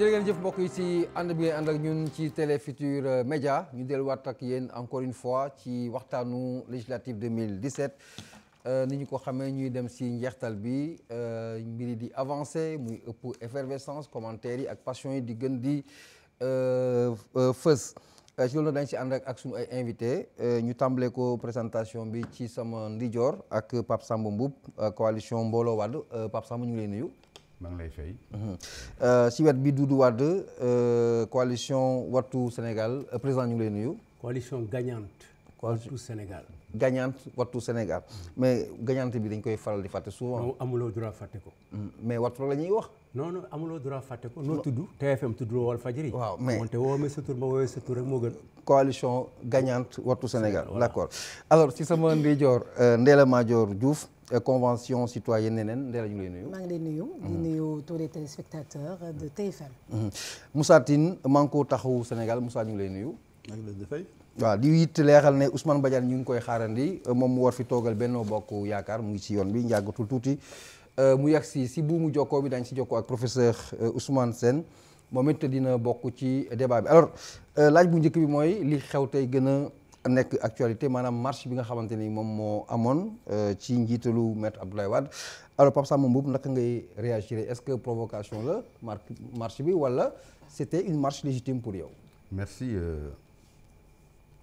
jërë ngeen jëf mbokk yi si ànd bi ngeen ànd ak ñun ci Télé Futur Média ñu delluwaat ak yéen encore une fois ci waxtaanu législative 2017 euh, ni ñu ko xamee ñuy dem si njeextal bi euh, mbiri di avancé muy ëpp effervescence commentaires yi ak passion yi di gën di euh, fës ci loolu dañ si ànd ak suñu ay invité ñu tàmbalee ko présentation bi ci sama ndijoor ak Pape Samba Mboup coalition Mbooloo Wàdd Pape Samba ñu ngi lay nuyu. maa lay fay. si mhm. euh, wet bi Doudou Wade euh, coalition Wattu Sénégal euh, président ñu ngi lay nuyu. coalition gagnante. Wattu Sénégal. gagnante Wattu Sénégal mhm. mais gagnante bi dañ koy faral di fàtte souvent. non amuloo droit fàtte ko. Mm, mais Wattu la ñuy wax. noonu amuloo droit fàtte ko noo tudd. TFM tudd wal fajiri. waaw mais moonte woo ma sa tur ma woowee sa tur rek moo gën. coalition gagnante Wattu Sénégal. d' accord alors si sama ndeyjoor Ndella Madior Diouf. convention citoyenne neneen Ndella ñu ngi lay nuyu. maa ngi lay nuyu. di mm-hmm. nuyu tous les téléspectateurs mm-hmm. Sénégal Moussa ñu ngi lay nuyu. maa ngi leen di fay. waaw di leexal ne Ousmane Badiane ñu ngi koy xaarandi moom mu war fi toogal Benno Bokk Yaakaar mu ngi ci yoon bi njàggatul tuuti euh, mu yegg si si buumu jokkoo bi dañ si jokko ak professeur euh, Ousmane Sène moom it dina bokk ci débat bi alors euh, laaj bu njëkk bi mooy li xew tey gën a. nekk actualité maanaam marche bi nga xamante ni moom moo amoon euh, ci njiitalu maître Abdoulaye Wade alors Pape Samba Mboup naka ngay réagir est-ce que provocation la marche bi wala c'était une marche légitime pour yow. merci euh,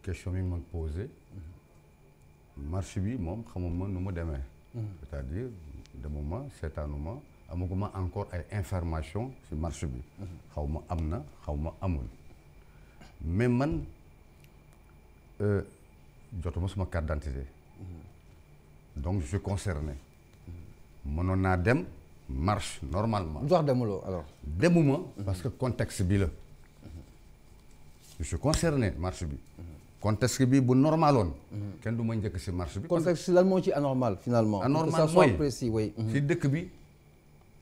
question bi ma posé marche bi moom xamuma nu mu demee. Mm-hmm. c'est-à-dire de moment seetaanuma amaguma encore ay information ci marche bi. Mm-hmm. xaw ma am na xaw ma amul mais Euh, jotuma suma carte d'identité mm-hmm. donc je concerné mm-hmm. mënoon naa dem marche normalement. jox demuloo alors. demuma mm-hmm. parce que contexte bi la. je suis concerné marche bi. contexte bi bu normaloon. kenn du ma jëkk si marche bi. si lan moo ci anormal finalement. anormal mooy précis oui. si dëkk bi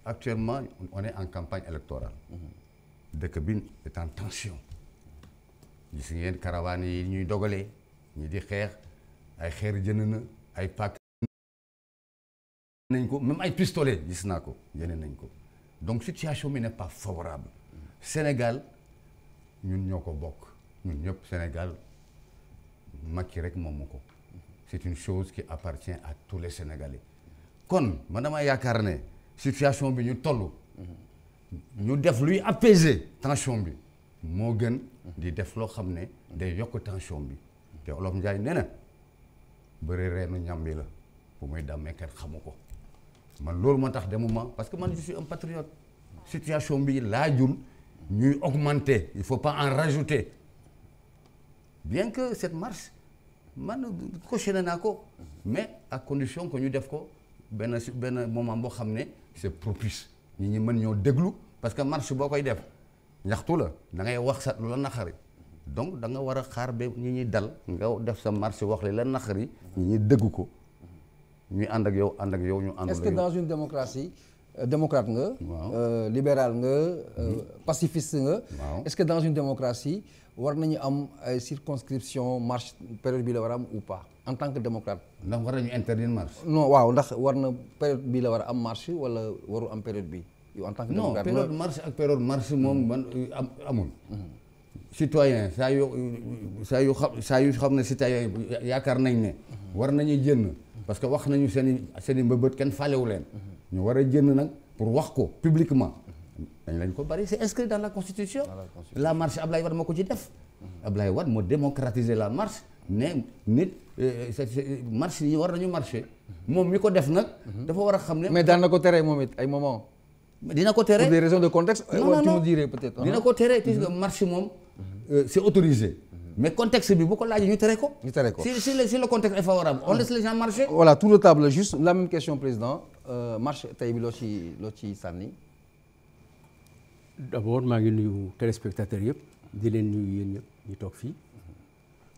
actuellement on en campagne électorale. dëkk bi est en tension. gis ngeen caravane yi ñuy dogalee ñi di xeex ay xeer jënd na ay pàkk ko même ay pistolet gis naa ko jënd nañ ko donc situation bi n'est pas favorable Sénégal ñun ñoo ko bokk ñun ñëpp Sénégal Macky rek moom mu ko c'est une chose qui appartient à tous les Sénégalais kon man dama yaakaar ne situation bi ñu toll ñu def luy apaiser tension bi moo gën di def loo xam ne day yokk tension bi te olof njaay nee na bëri reenu bi la bu muy dàmmeekat xamu ko man loolu moo tax demu demuma parce que man je suis un patriote situation bi laajul ñuy augmenter il faut pas en rajouter bien que cette marche man coché naa ko mais à condition ko ñu def ko benn si benn moment boo xam ne c'est propice ñi ñi mën ñoo déglu parce que marche boo koy def ñaxtu la da ngay wax sa lu la naqari donc da nga war a xaar ba ñi ñuy dal nga def sa marché wax li la naqari ñi ñuy dëgg ko ñuy ànd ak yow ànd ak yow ñu ànd est-ce que dans une démocratie euh, démocrate nga euh, libéral nga euh, mm-hmm. pacifiste nga est-ce que dans une démocratie war nañu am ay circonscription marche période bi la war a am ou pas en tant que démocrate ndax war nañu interdire marche non waaw ndax war na période bi la war a am marche wala waru am période bi yow en tant que. non période marche ak période marche moom hmm. man amul. citoyen saa yu saa yu xam saa yu xam ne citoyen yaakaar nañ ne. Hmm. war nañu jënn parce que wax nañu seen i seen i mbëbët kenn faalewu leen. Hmm. ñu war a jënn nag pour wax ko publiquement. dañ lañ ko bari c'est inscrit dans la constitution. la marche Ablaye Wade moo ko ci def. Ablaye Wade moo démocratiser la marche. ne nit euh, marche yi war nañu marché. moom mi ko def nag. dafa war a xam ne. mais daan na ko tere moom it ay moment. dina ko tere pour des raisons de contexte. non dina ko tere puisque marche moom. Euh, c'est autorisé. Mm-hmm. mais contexte bi bu ko laaj ñu tere ko. ñu tere ko si si le si le contexte est favorable on laisse les gens marcher. voilà tour de euh, marche tey bi loo ci loo ci sànni. d'abord maa ngi nuyu téléspectateurs yëpp di leen nuyu yéen ñëpp ñu toog fii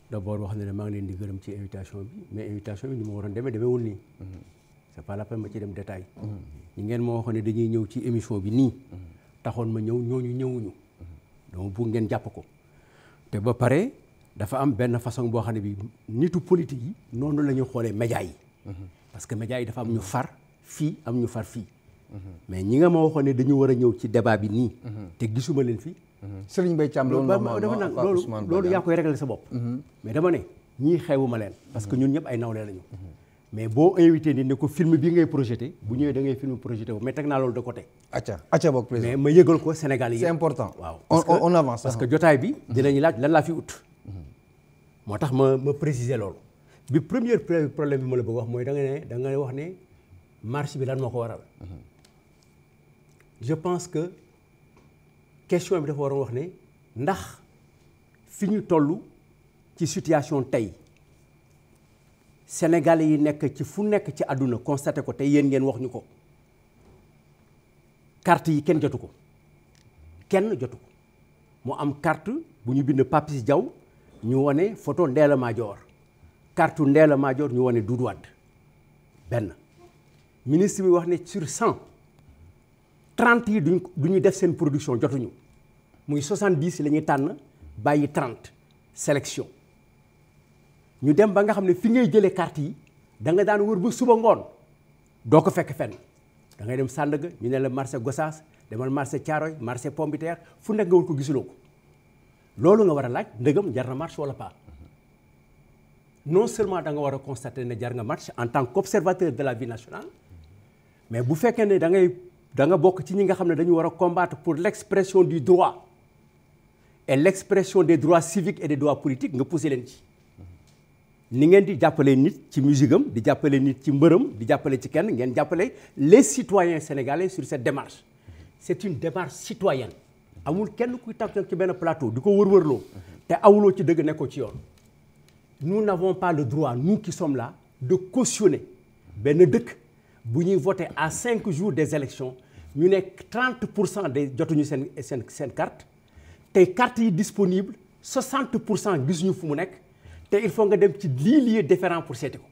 d'abord wax ne ne maa ngi leen di gërëm ci invitation bi mais invitation bi ni ma waroon demee demee wul nii mm-hmm. c'est pas la peine ma ci dem détail mm-hmm. ñu ngeen ma waxoon dañuy ñëw ci émission bi nii taxoon ma ñëw ñooñu ñëwuñu donc bu ngeen jàpp ko te ba pare dafa am benn façon boo xam ne bi nitu politique yi noonu la ñu xoolee média yi parce que média yi dafa am ñu far fii am ñu far fii mais ñi nga ma waxoon ne dañu war a ñëw ci débat bi nii te gisuma leen fii Serigne Mbaye Thiam loolu loolu loolu yaa koy réglé sa bopp mhm. mais dama ne ñii xewuma leen parce que ñun ñëpp ay nawle lañu mais boo invité ni ne ko film bi ngay projeté bu ñëwee da ngay film projeté wu mais teg naa loolu de côté. acca acca boog président mais ma yëgal ko Sénégal yi. c'est important waaw on avance. parce que jotaay bi mm-hmm. dinañu laaj lan laa fi ut. Mm-hmm. moo tax ma ma préciser loolu. bi premier problème bi ma la bëgg wax mooy da nga ne da nga wax ne marche bi lan moo ko waral. Mm-hmm. je pense que question bi dafa war a wax ne ndax fi ñu toll ci situation tey. sénégalais yi nekk ci fu nekk ci àdduna constaté ko te yéen ngeen wax ñu ko carte yi kenn jotu ko kenn jotu ko mu am carte bu ñu bind Papis Diaw ñu wane photo Ndella Madior carte Ndella Madior ñu wane du Wade benn ministre bi wax ne sur cent trente yi duñ du ñu def seen production jotuñu muy soixante-dix la ñuy tànn bàyyi trente sélection ñu dem ba nga xam ne fi ngay jëlee carte yi danga daan war ba suba ngoon doo ko fekk fen dangay ngay dem Sandaga ñu ne la marché Gossas demal marché Thiaroy marché Pombiteer fu nekk nga wër ko gisuloo ko loolu nga war a laaj ndëgam jar na marche wala pas non seulement da nga war a constater ne jar nga marche en tant qu'observateur de la vie nationale mais bu fekkee ne da ngay da nga bokk ci ñi nga xam ne dañu war a combattre pour l'expression du droit et l'expression des droits civiques et des droits politiques leen ci ni ngeen di jàppale nit ci musique di jàppale nit ci mbërëm di jàppale ci kenn ngeen jàppale les citoyens sénégalais sur cette démarche c'est une démarche citoyenne amul kenn kuy tax nag ci benn plateau di ko wërwërloo te awuloo ci dëgg nekkoo ci yoon nous n'avons par le droit nous qui sommes là de cautionner benn dëkk bu ñuy voter à cinq jours des élections ñu nekk 30 pour cent des jotuñu seen seen seen carte te carte yi disponible 60 pour cent gisuñu fu mu nekk te il faut nga dem ci lii lieu différent pour seeti ko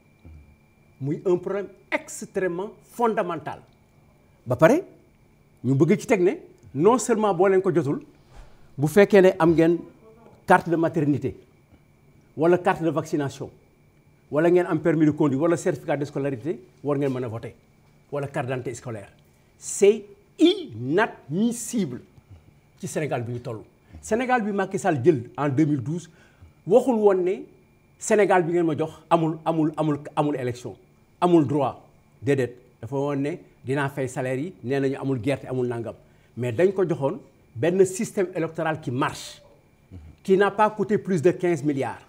muy un problème extrêmement fondamental ba pare ñu bëgg ci teg ne non seulement boo leen ko jotul bu fekkee ne am ngeen carte de maternité wala carte de vaccination wala ngeen am permis de conduire wala certificat de scolarité war ngeen mën a voter wala carte d'identité scolaire c'est inadmissible ci Sénégal bi ñu toll Sénégal bi Macky Sall jël en 2012 waxul woon ne Sénégal bi ngeen ma jox amul amul amul amul élection amul droit déedéet dafa woon ne dinaa fay salaire yi nee nañu amul gerte amul nangam mais dañ ko joxoon benn système électoral ki marche qui n'a pas coûté plus de quinze milliards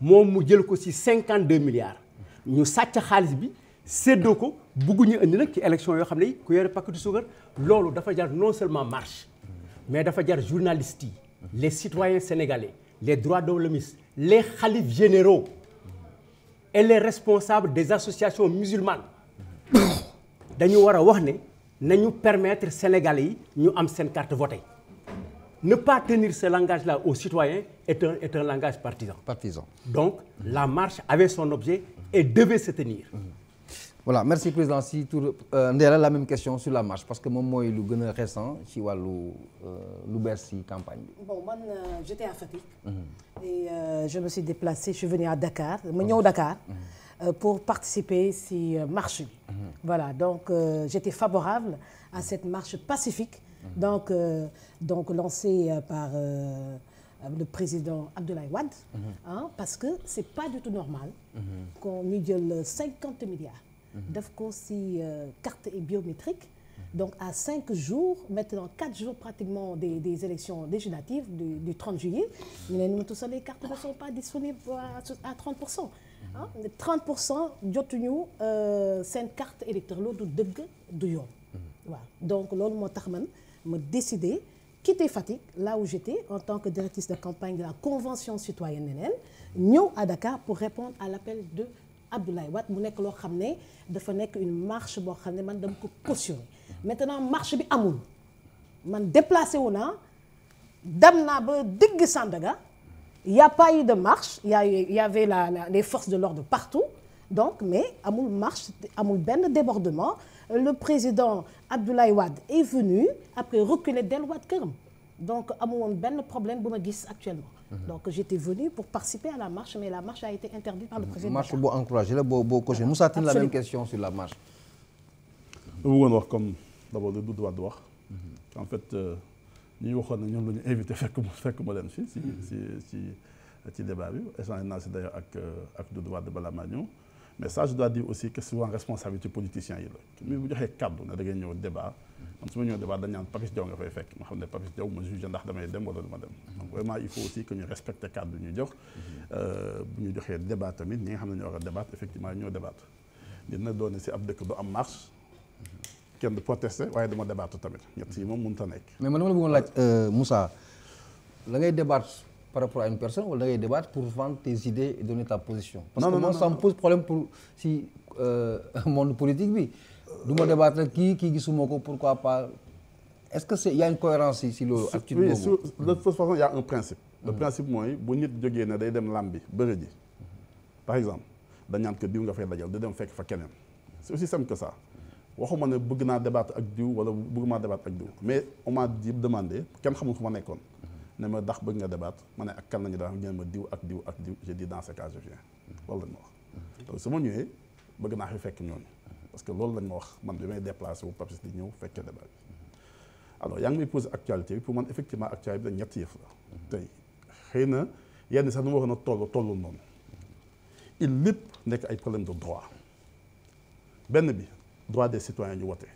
moom mu jël ko ci cinquante deux milliards ñu sàcc xaalis bi séddoo ko bugguñu indi nag ci élection yoo xam ne ku yore paquetu suukar loolu dafa jar non seulement marche mais dafa jar journalistes yi les citoyens sénégalais les droits de l'homme les khalifes généraux et les responsables des associations musulmanes dañu war a wax ne nañu permettre Sénégalais yi ñu am seen carte voter ne pas tenir ce langage-là aux citoyens est un langage partisan. partisan. donc la marche avait son objet et devait se tenir. voilà merci président si tour euh, Ndella la même question sur la marche parce que moom mooy lu gën a récent ci wàllu euh, lu bees ci campagne bi. bon man euh, j'étais à Fatick. Mhm. et je me suis déplacée à Dakar ma ñëw Dakar. Mhm. pour participer si marché mhm. voilà donc j'étais favorable à cette marche pacifique. donc donc lancée par le président Abdoulaye Wade. parce que c'est pas du tout normal. qu'on ñu def ko si euh, carte et biométrique donc à cinq jours maintenant quatre jours pratiquement des des élections législatives du du 30 juillet ñu ne nous tous les cartes ne sont pas disponibles à 30 pour cent ah 30 pour cent jotuñu euh, seen carte du dëgg du yoon. waaw donc loolu moo tax man ma décidé quitter Fatick là où j'étais en tant que directrice de campagne de la convention citoyenne neneen à Dakar pour répondre à l'appel de. Abdoulaye Wade mu nekk loo xam ne dafa nekk une marche boo xam ne man dem ko cautionné maintenant marche bi amul man déplacé wu naa dem naa ba digg Sandaga y a pas eu de marche y a y avait la, la les forces de l'ordre partout donc mais amul marche amul benn débordement le président Abdoulaye Wade est venu après reculer delluwaat këram donc amul woon benn problème bu ma gis actuellement Mhm. donc j'étais venu pour participer à la marche mais la marche a été interdite par le préfet de marche boo encouragé la boo boo coché Moussa Tine la même question sur la marche lu bëggoon wax comme d'abord lu Doudou Wade mhm. en fait ñi euh, waxoon na ñoom la ñu invité fekk mu fekk ma leen mhm. si si si si ci débat bi échange naa d'ailleurs ak euh, ak Doudou Wade balaa maa ñëw mais ça je dois dire aussi que souvent responsabilité politiciens yi la mais bu joxee kàddu ne da ngay ñëw débat man su ma ñëw débat dañu naan Papis Diaw nga fay fekk ma xam ne Papis Diaw ma juge ndax damay dem wala du dem mhm. il faut aussi que ñu respecter cadre mhm. euh, bu ñu joxee débat tamit ñi nga xam ne ñoo war a débat effectivement ñoo débat dina doon ab dëkk du am marche mhm. kenn du protester waaye dama débattre tamit ñett yi moom mënut a nekk. mais man dama la bëggoon laaj euh, Moussa la ngay débattre par rapport à une personne wala da ngay débattre pour vendre tes idées et donner ta position. parce non, que non, moi pose problème pour si euh, monde politique bi. du ma rek kii kii gisuma ko pourquoi par est-ce que c'est y a une cohérence yi si loolu. ak boobu oui façon y un principe. le principe mooy bu nit jógee ne day dem làmb bi bëre ji par exemple dañ naan que diw nga fay dajal di dem fekk fa keneen c'est aussi simple que ça. waxuma ne bëgg naa débattre ak diw wala bëgg maa débattre ak diw mais on m'a dit demandé kenn xamul fu ma nekkoon ne ma ndax bëgg nga debaat ma ne ak kan lañu daan ngeen ma diw ak diw ak diw j'ai dit dans ma wax donc su ma ñëwee bëgg naa fi fekk ñooñu parce que loolu lañ ma wax man bi may déplacé wu Papis di ñëw fekkee débat bi alors yaa ngi may posé actualité bi pour man effectivement actualité bi ñetti yëf la tey xëy na yenn sax nu ma waxoon a toll tollul noonu il lépp nekk ay problème de droit benn bi droit des citoyens ñu wote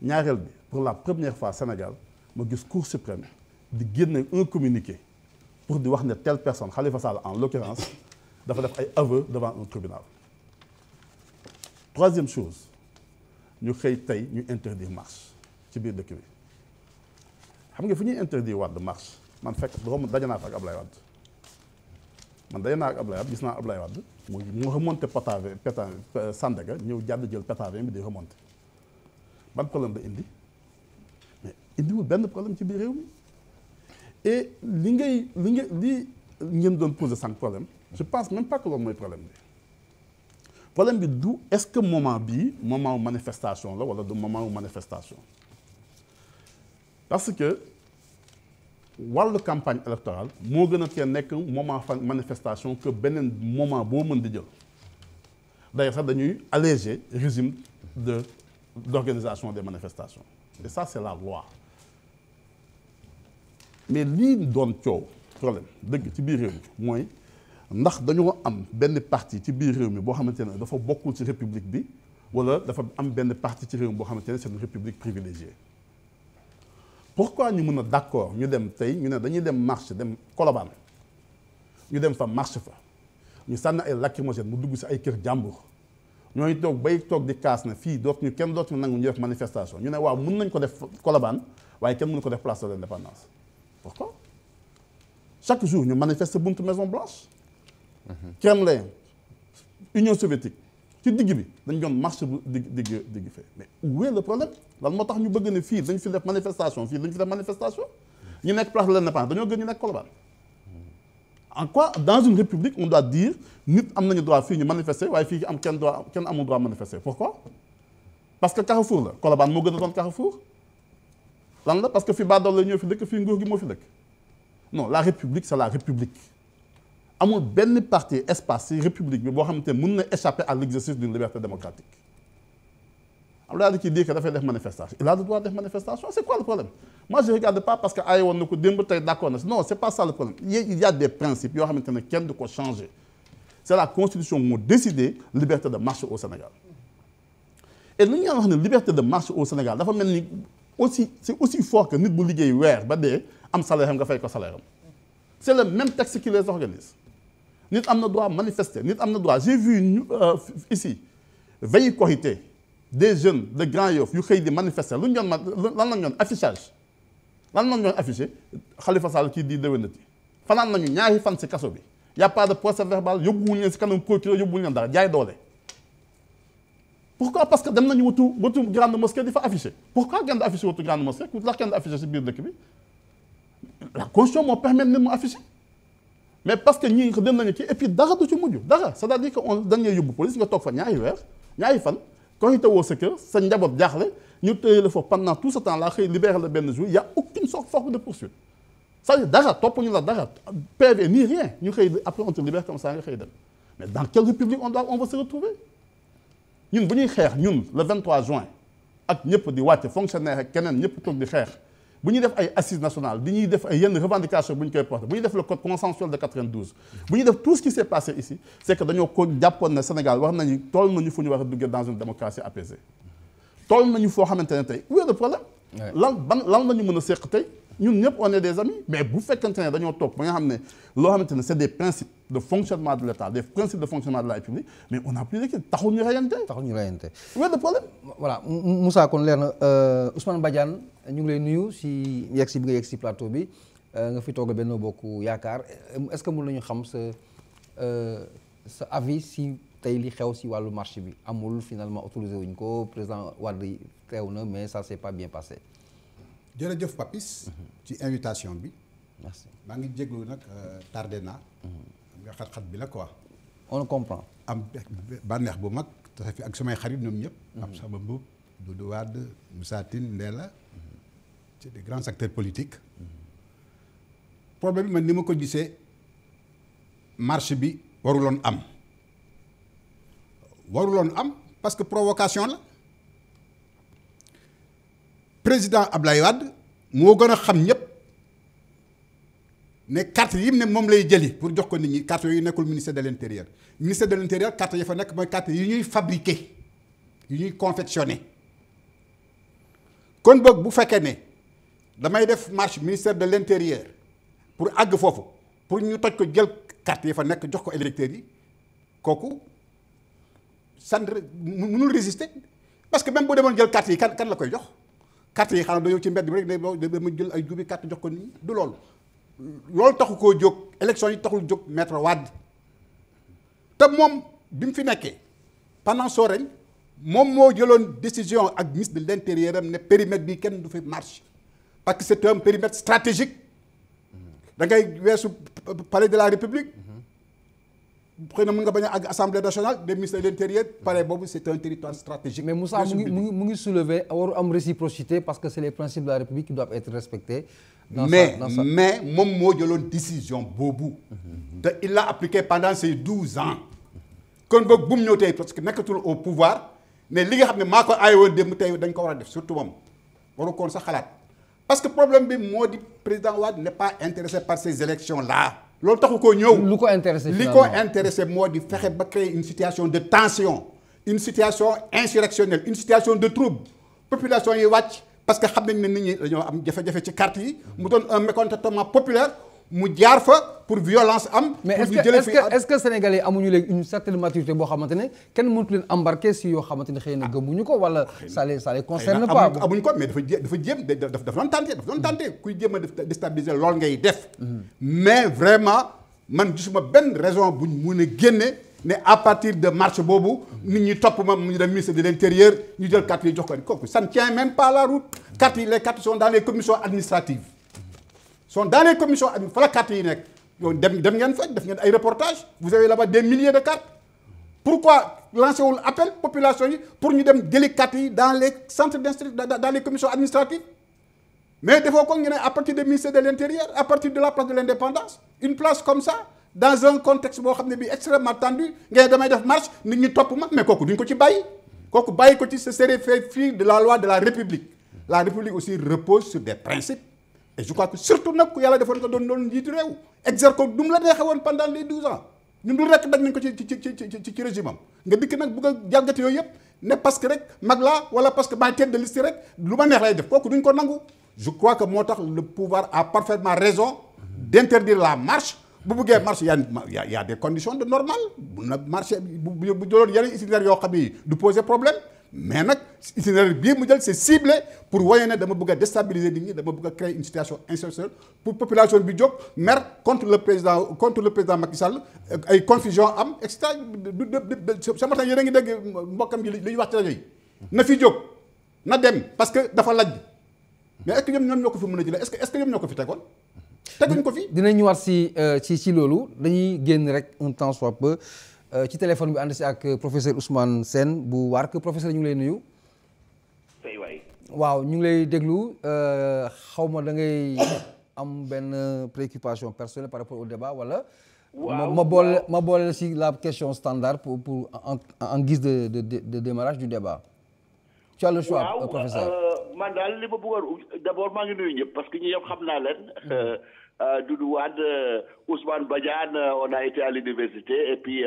ñaareel bi pour la première fois Sénégal ma gis Cour suprême di génne un communiqué pour di wax ne telle personne Khalifa Sall en l'occurrence dafa def ay aveu devant un tribunal troisième chose ñu xëy tey ñu interdire marche ci biir dëkk bi xam nga fu ñuy interdire wadd marche man fekk romb daje naa fa ak Ablaye Wade man daje naa ak Ablaye Wade gis naa Ablaye Wade mu mu remonté Pétavin Pétavin Sandaga ñëw jàdd jël Pétavin bi di remonté problème da indi mais indiwul benn problème ci biir réew mi et li ngay li nga li ngeen doon posé sans problème je pense même pas que loolu mooy problème bi problème bi du est-ce que moment bii moment wu la wala du moment wu parce que wàllu campagne électorale moo gën a tee nekk moment fa manifestation que beneen moment boo mën di jël d'ailleurs sax dañuy alléger régime de d'organisation des manifestations et ça c'est la loi mais lii doon coow problème dëgg ci biir réew mi mooy ndax dañoo am benn parti ci biir réew mi boo xamante ne dafa bokkul ci république bi wala dafa am benn parti ci réew mi boo xamante ne c'est une république privilégiée pourquoi ñu mën a d'accord ñu dem tey ñu ne dañuy dem marché dem Colobane ñu dem fa marche fa ñu sànni ay lacrymogène mu dugg si ay kër jàmbur ñooñu toog bay toog di kaas na fii doot ñu kenn dootuñu nangu ñu def manifestation ñu ne waaw mun nañ ko def Colobane waaye kenn mënu ko def place de l'indépendance pourquoi chaque jour ñu manifeste buntu Maison Blanche keem la yem Union soviétique ci digg bi dañ doon marche bu digg digg digg fee mais où est le problème lan moo tax ñu bëgg ne fii dañ fi def manifestation fii dañ fi def manifestation ñu nekk place de l'Indépendance dañoo gën ñu nekk Colobane en quoi dans une république on doit dire nit am nañu droit fii ñu manifester waaye fii am kenn droit kenn amul droit manifester pourquoi parce que Carrefour la Colobane moo gën a doon Carrefour lan la parce que fi baadool la ñoo fi dëkk fii nguur gi moo fi dëkk non la république c'est la république amul benn parti espace ci république bi boo xamante ne mun na échapper à l' exercice d' une liberté démocratique am laa di ci dire que dafay def manifestation il a le droit def manifestation c' est quoi le problème moi je regarde pas parce que ay woon na ko démb tey d' na non c' est pas ça le problème il y a des principes yoo xamante ne kenn du ko changer c' la constitution moo décidé liberté de marche au Sénégal et li ñu wax ne liberté de marche au Sénégal dafa mel ni aussi c' nit bu liggéey weer ba dee am salaire am fay ko salaire am c' nit am na droit manifester nit am na droit j'ai vu ñu euh, ici veille Korité des jeunes de Grand Yoff yu xëy di manifester lu ñu doon lan la ñu doon affichage lan la ñu doon affiché Khalifa Sall kii di déwénati fanaan nañu ñaari fan si kaso bi y a pas de procès verbal yóbbuwuñu leen si kanam procureur yóbbuwuñu leen dara jaay doole. pourquoi parce que dem nañu wutu wutu grande mosquée di fa affiché pourquoi kenn du affiché wutu grande mosquée ku tax kenn du si biir bi la constitution moo permettre mais parce que ñii dem nañu kii et puis dara du ci mujj dara c'est-à-dire que on dañ lay yóbbu police nga toog fa ñaari weer ñaari fan quand it woo sa kër sa njaboot jaaxle ñu téye la foofu pendant tout ce temps xëy libéré la benn jour y' a aucune sorte forme de poursuite cest à dara topp ñu la dara PV ni rien ñu xëy après on te libère comme ça nga xëy dem mais dans quelle république on doit on va retrouver ñun bu ñuy xeex ñun le 23 juin ak ñëpp di wàcc fonctionnaire ak keneen ñëpp toog di xeex bu ñuy def ay assises nationales di ñuy def yenn revendication bu ñu koy porté bu ñuy def le code consensuel de 92 bu ñuy def tout ce qui s'est passé ici c'est dañoo ko jàppoon ne Sénégal wax nañu toll nañu a duggee dans foo xamante ne tey où est problème lan ban lan la ñu mën a seq tey ñun ñëpp on est des amis mais bu fekkante ne dañoo toog ba nga xam ne loo xamante ne c'est des principes de fonctionnement de l'État des principes de fonctionnement de la République mais on a plus d'équipe taxul ñu reyante. taxul ñu reyante wér de problème. voilà Moussa kon leer na euh, Ousmane Badiane ñu ngi lay nuyu si yegg si bi nga yegg si plateau bi euh, nga fi toog Benno Bokk Yaakaar euh, est-ce que mën nañu xam sa sa avis si tey li xew si wàllu marché bi amul finalement autorisé wuñ ko président Wade teew na mais ça s'est pas bien passé. jërëjëf Papis. Mhm. ci invitation bi. merci maa ngi jéglu nag tardé naa. Mhm. xat-xat bi la quoi. on comprend. am bànneex bu mag tasa fi ak samay xarit ñoom ñëpp. am mhm. sama mbub Doudou Wade Moussa Tine Ndéla mhm. c'est des grands acteurs politiques. Mhm. problème bi man ni ma ko gisee marche bi waruloon am. waruloon am parce que provocation la président Ablaye Wade moo gën a xam ñëpp. ne carte yi mu ne moom lay jëli pour jox ko nit ñi carte yooyu nekkul ministère de l' intérieur ministère de l' intérieur carte ya fa nekk mooy carte yi ñuy fabriqué yi ñuy confectionné kon boog bu fekkee ne damay def marche ministère de l' intérieur pour àgg foofu pour ñu toj ko jël carte yi fa nekk jox ko électeurs yi kooku sand mënul résister parce que même bu demoon jël carte yi kan kan la koy jox carte yi xanaa dañoo ci mbedd bi rek day dama jël ay jubi jox ko nit loolu loolu taxu koo jóg élection yi taxul jóg maître Wade te moom bi mu fi nekkee pendant son règne moom moo jëloon décision ak ministre de l' intérieur am ne périmètre bi kenn du fi marche parce que c' est un périmètre stratégique da weesu palais de la république xëy na mën nga bañ a assemblée nationale des ministres de l' intérieur palais boobu c' est un territoire stratégique. mais Moussa mu ngi mu ngi soulever waru am réciprocité parce que c' est les mais mais moom moo jëloon décision boobu te il l'a appliqué pendant ces douze ans kon boog bu mu ñëw tey parce que nekkatul au pouvoir mais li nga xam ne maa ko aay woon démb tey dañ ko war a def surtout moom waru koon sa xalaat parce que problème bi moo di président Wade n'est pas intéressé par ces élections là loolu taxu koo ñëw lu ko intéressé li ko intéressé moo di fexe ba créer une situation de tension une situation insurrectionnelle une situation de trouble population yi wàcc parce que xam nañ ne nit ñi dañoo am jafe-jafe ci carte yi mu doon un mécontentement populaire mu jaar fa pour violence am. mais est-ce que est-ce que est-ce que Sénégalais yi amuñu léegi une certaine maturité boo xamante ne kenn mënut leen embarquer si yoo xamante ne xëy na ah. gëmuñu ko wala ça les ça les concerne pas. amuñu ko mais dafa jé dafa jéem daf dafa doon tenté dafa doon tenté hmm. kuy jéem a déstabiliser lool ngay def. Hmm. mais vraiment man gisuma benn raison buñ mun a génne. mais à partir de marche boobu nit ñi topp ma mu ñu dem ministre de l'intérieur ñu jël carte yi jox ko ni kooku ça ne tient même pas la route carte yi les cartes sont dans les commissions administratives sont dans les commissions administratives la carte yi nekk yow dem dem ngeen faj def ngeen ay reportage vous avez là des milliers de cartes pourquoi lancé appel population yi pour ñu dem jëli carte yi dans les centres d'instruction dans les commissions administratives mais defoo ko ngi dans un contexte boo xam ne bii extrêmement tendu ngay damay def marche nit ñi topp ma mais kooku duñ ko ci bàyyi kooku bàyyi ko ci ce fait fi de la loi de la république la république aussi repose sur des principes et je crois que surtout nag ku yàlla defoon ko doon doon njiitu réew exercer ko du mu la neexee woon pendant les douze ans ñun dul rek dañ nañ ko ci ci ci ci ci régime am nga dikk nag bëgg a jàlgati yooyu yëpp ne parce que rek mag laa wala parce que maa tête de liste rek lu ma neex lay ko nangu je crois que moo tax le pouvoir a parfaitement raison d'interdire la marche bu buggee marché yaa a y' a des conditions de normal mun na marché bu bu jëloon yeneen itinéraire yoo xam ni du poser problème mais nag itinéraire bii mu jël c'est ciblé pour wane ne dama bëgg a déstabiliser nit ñi dama bëgg a créer une situation insurrectionnelle pour population bi jóg mer contre le président contre le président Macky ay confusion am et cetera ce ngi dégg mbokkam yi li ñuy wax ci rajo yi na fi jóg na dem parce que dafa lajj mais est-ce que ñoom ñoo ko teguñ ko fi dina ñu war si euh, ci ci loolu dañuy génn rek un temps soit euh, ci téléphone bi ànd si ak professeur Ousmane seen bu Wark professeur ñu ngi lay nuyu. waaw ñu ngi lay déglu euh, xaw ma da ngay am benn préoccupation personnelle par rapport au débat wala. ma boole ma boole si la question standard pour pour en en guise de de démarrage du débat. tu le choix professeur man daal li ma bëggoon d'abord maa ngi nuyu ñëpp parce que ñi yow xam naa leen. Mm-hmm. Euh, Doudou Wade, euh, Ousmane Badiane, euh, on a été à l'université, et puis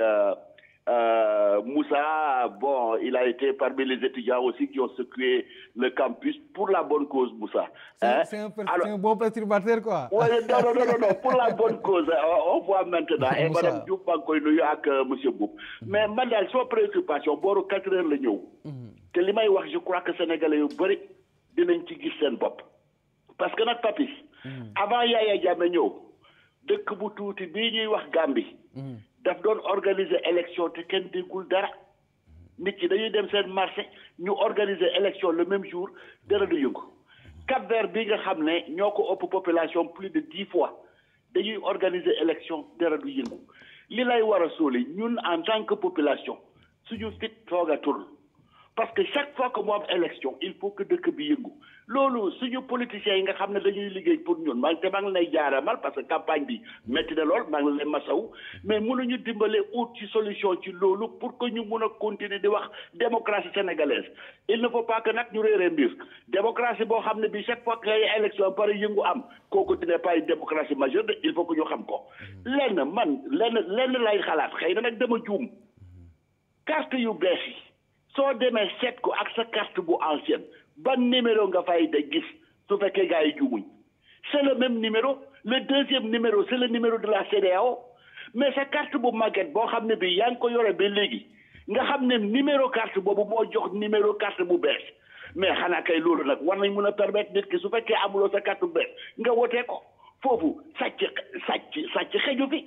Moussa, bon, il a été parmi les étudiants aussi qui ont secoué le campus pour la bonne cause, Moussa. C'est un, bon perturbateur, quoi. non, non, non, non, pour la bonne cause. On, voit maintenant. Et Mme Diouf, encore une avec M. Boub. Mais madame, son préoccupation, bon, 4 heures le mm-hmm. nous. je crois que Sénégalais, ils ont beaucoup de Parce que notre papy, Mm. avant Yaya Jammeh ñëw dëkk bu tuuti bii ñuy wax Gàmbi mm. daf doon organiser élection te kenn déggul dara nit ñi dañuy dem seen marché ñu organiser élection le même jour dara du yëngu Cap-Vert bi nga xam ne ñoo ko ëpp population plus de dix fois dañuy organiser élection dara du yëngu li lay war a sóoli ñun en tant que population suñu fit toogatul parce que chaque fois que mu am élection il faut que dëkk bi yëngu loolu suñu politiciens yi nga xam ne dañuy liggéey pour ñun man te maa ngi lay jaaramal parce que campagne bi métti na lool maa ngi lay masaw mais ñu dimbale ut ci solution ci loolu pour que ñu mun a continuer di wax démocratie sénégalaise il ne faut pas que nag ñu réeree mbir démocratie boo xam ne bi chaque fois que ay élection pare yëngu am kooku dina pas une démocratie majeure de il faut que ñu xam ko lenn man lenn lenn lay xalaat xëy na nag dama juum yu bees soo demee seet ko ak sa carte bu ancienne ban numéro nga fay de gis su fekkee gars yi juumuñ c'est le même numéro le deuxième numéro c'est le numéro de la CEDEAO mais sa carte bu màgget boo xam ne bi yaa ngi ko yore ba léegi nga xam ne numéro carte boobu moo jox numéro carte bu bees mais xanaa kay loolu nag war nañ mun a permettre nit ki su fekkee amuloo sa carte bu bees nga wotee ko foofu sàcc sàcc sàcc xeju fi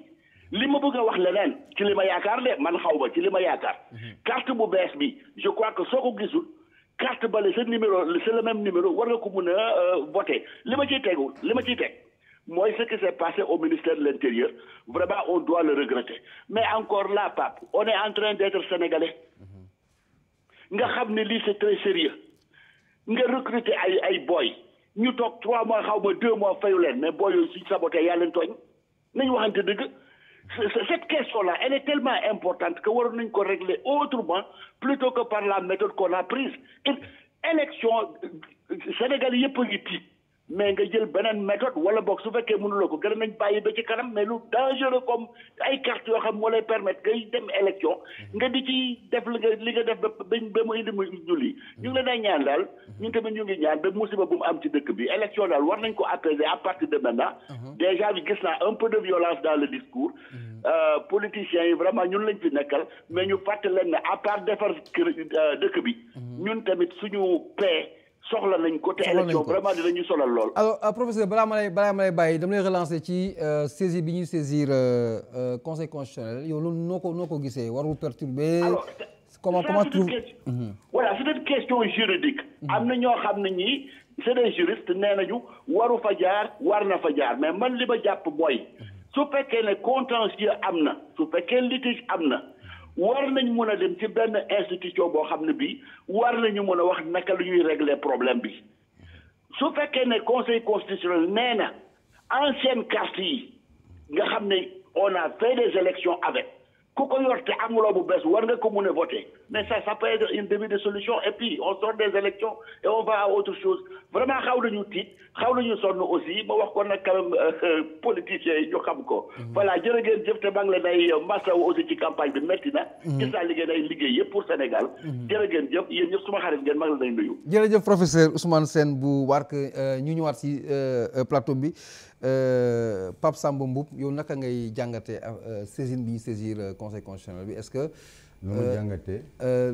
li ma bëgg a wax leneen ci li ma yaakaar de man xaw ma ci li ma yaakaar. Mhm. carte bu bees bi je crois que soo ko gisul carte bale sa numéro c'est le même numéro war nga ko mën a euh, voter li ma ci tegul li ma ciy teg mooy ce qui s'est passé au ministère de l'intérieur vraiment on doit le regretter mais encore là Pape on est en train d'être mhm. nga xam ne lii c'est très sérieux nga recruter ay ay boy ñu toog trois mois xaw ma deux mois fayu leen mais boy yooyu suñ saboté yaa leen tooñ nañ cette question-là, elle est tellement importante que waroon nañ ko régler autrement plutôt que par la méthode qu'on a prise. élection euh, Sénégal yëpp a mais nga jël beneen méthode wala book su fekkee mënuloo ko gën nañ bàyyi ba ci kanam mais lu dangereux comme ay carte yoo xam moo lay permettre ngay dem élection mhm. nga di ci def li nga li nga def ba ba mu indi mu julli ñu ngi leen ay ñaan daal mhm. ñun tamit ñu ngi ñaan ba musiba bu mu am ci dëkk bi élection daal war nañ ko apaiser à partir de maintenant mhm. déjà bi gis naa un peu de violence dans le discours euh, politiciens yi vraiment ñun lañ fi nekkal mais ñu fàtte leen ne à part defar euh, dëkk bi ñun tamit suñu paix soxla nañ ko te élection vraiment ñu solal lool. alors euh, professeur balaa ma lay balaa ma lay bàyyi dama lay relancer ci euh, saisir bi ñuy saisir euh, conseil constitutionnel yow loolu noo ko noo ko gisee warul perturber. comment comment tu mhm. voilà c'est une question juridique. Mhm. am na ñoo xam ne ñii c'est des juristes waru fa jaar war na fa jaar mais man li ma jàpp mooy. su fekkee ne contentieux am na. su fekkee litige am na. war nañ mën a dem ci benn institution boo xam ne bii war nañu mën a wax naka lu ñuy régler problème bi su fekkee ne conseil constitutionnel nee na ancienne carte yi nga xam ne on a des élections avec ku ko yor te amuloo bu bees war nga ko mun a voter mais ça ça peut être une début solution et puis on sort des élections et on va autre chose vraiment xaw nañu tiit xaw nañu sonn aussi ma wax ko nag quand même euh, euh, politiciens yi xam ko. Mhm. voilà jër ngeen jëf te maa ngi leen ay masawu aussi ci campagne bi métti na. Mhm. gis naa liggéey ay liggéey yëpp pour Sénégal. Mhm. jërë ngeen jëf yéen ñëpp suma xarit ngeen maa ngi leen nuyu. jërëjëf professeur Ousmane seen bu Wark euh, ñu ñëwaat si plateau bi. Euh, Pape Samba Mboup yow naka ngay jàngatee euh, saisine bi ñu saisir euh, conseil constitutionnel bi est-ce que. nu mu jàngatee.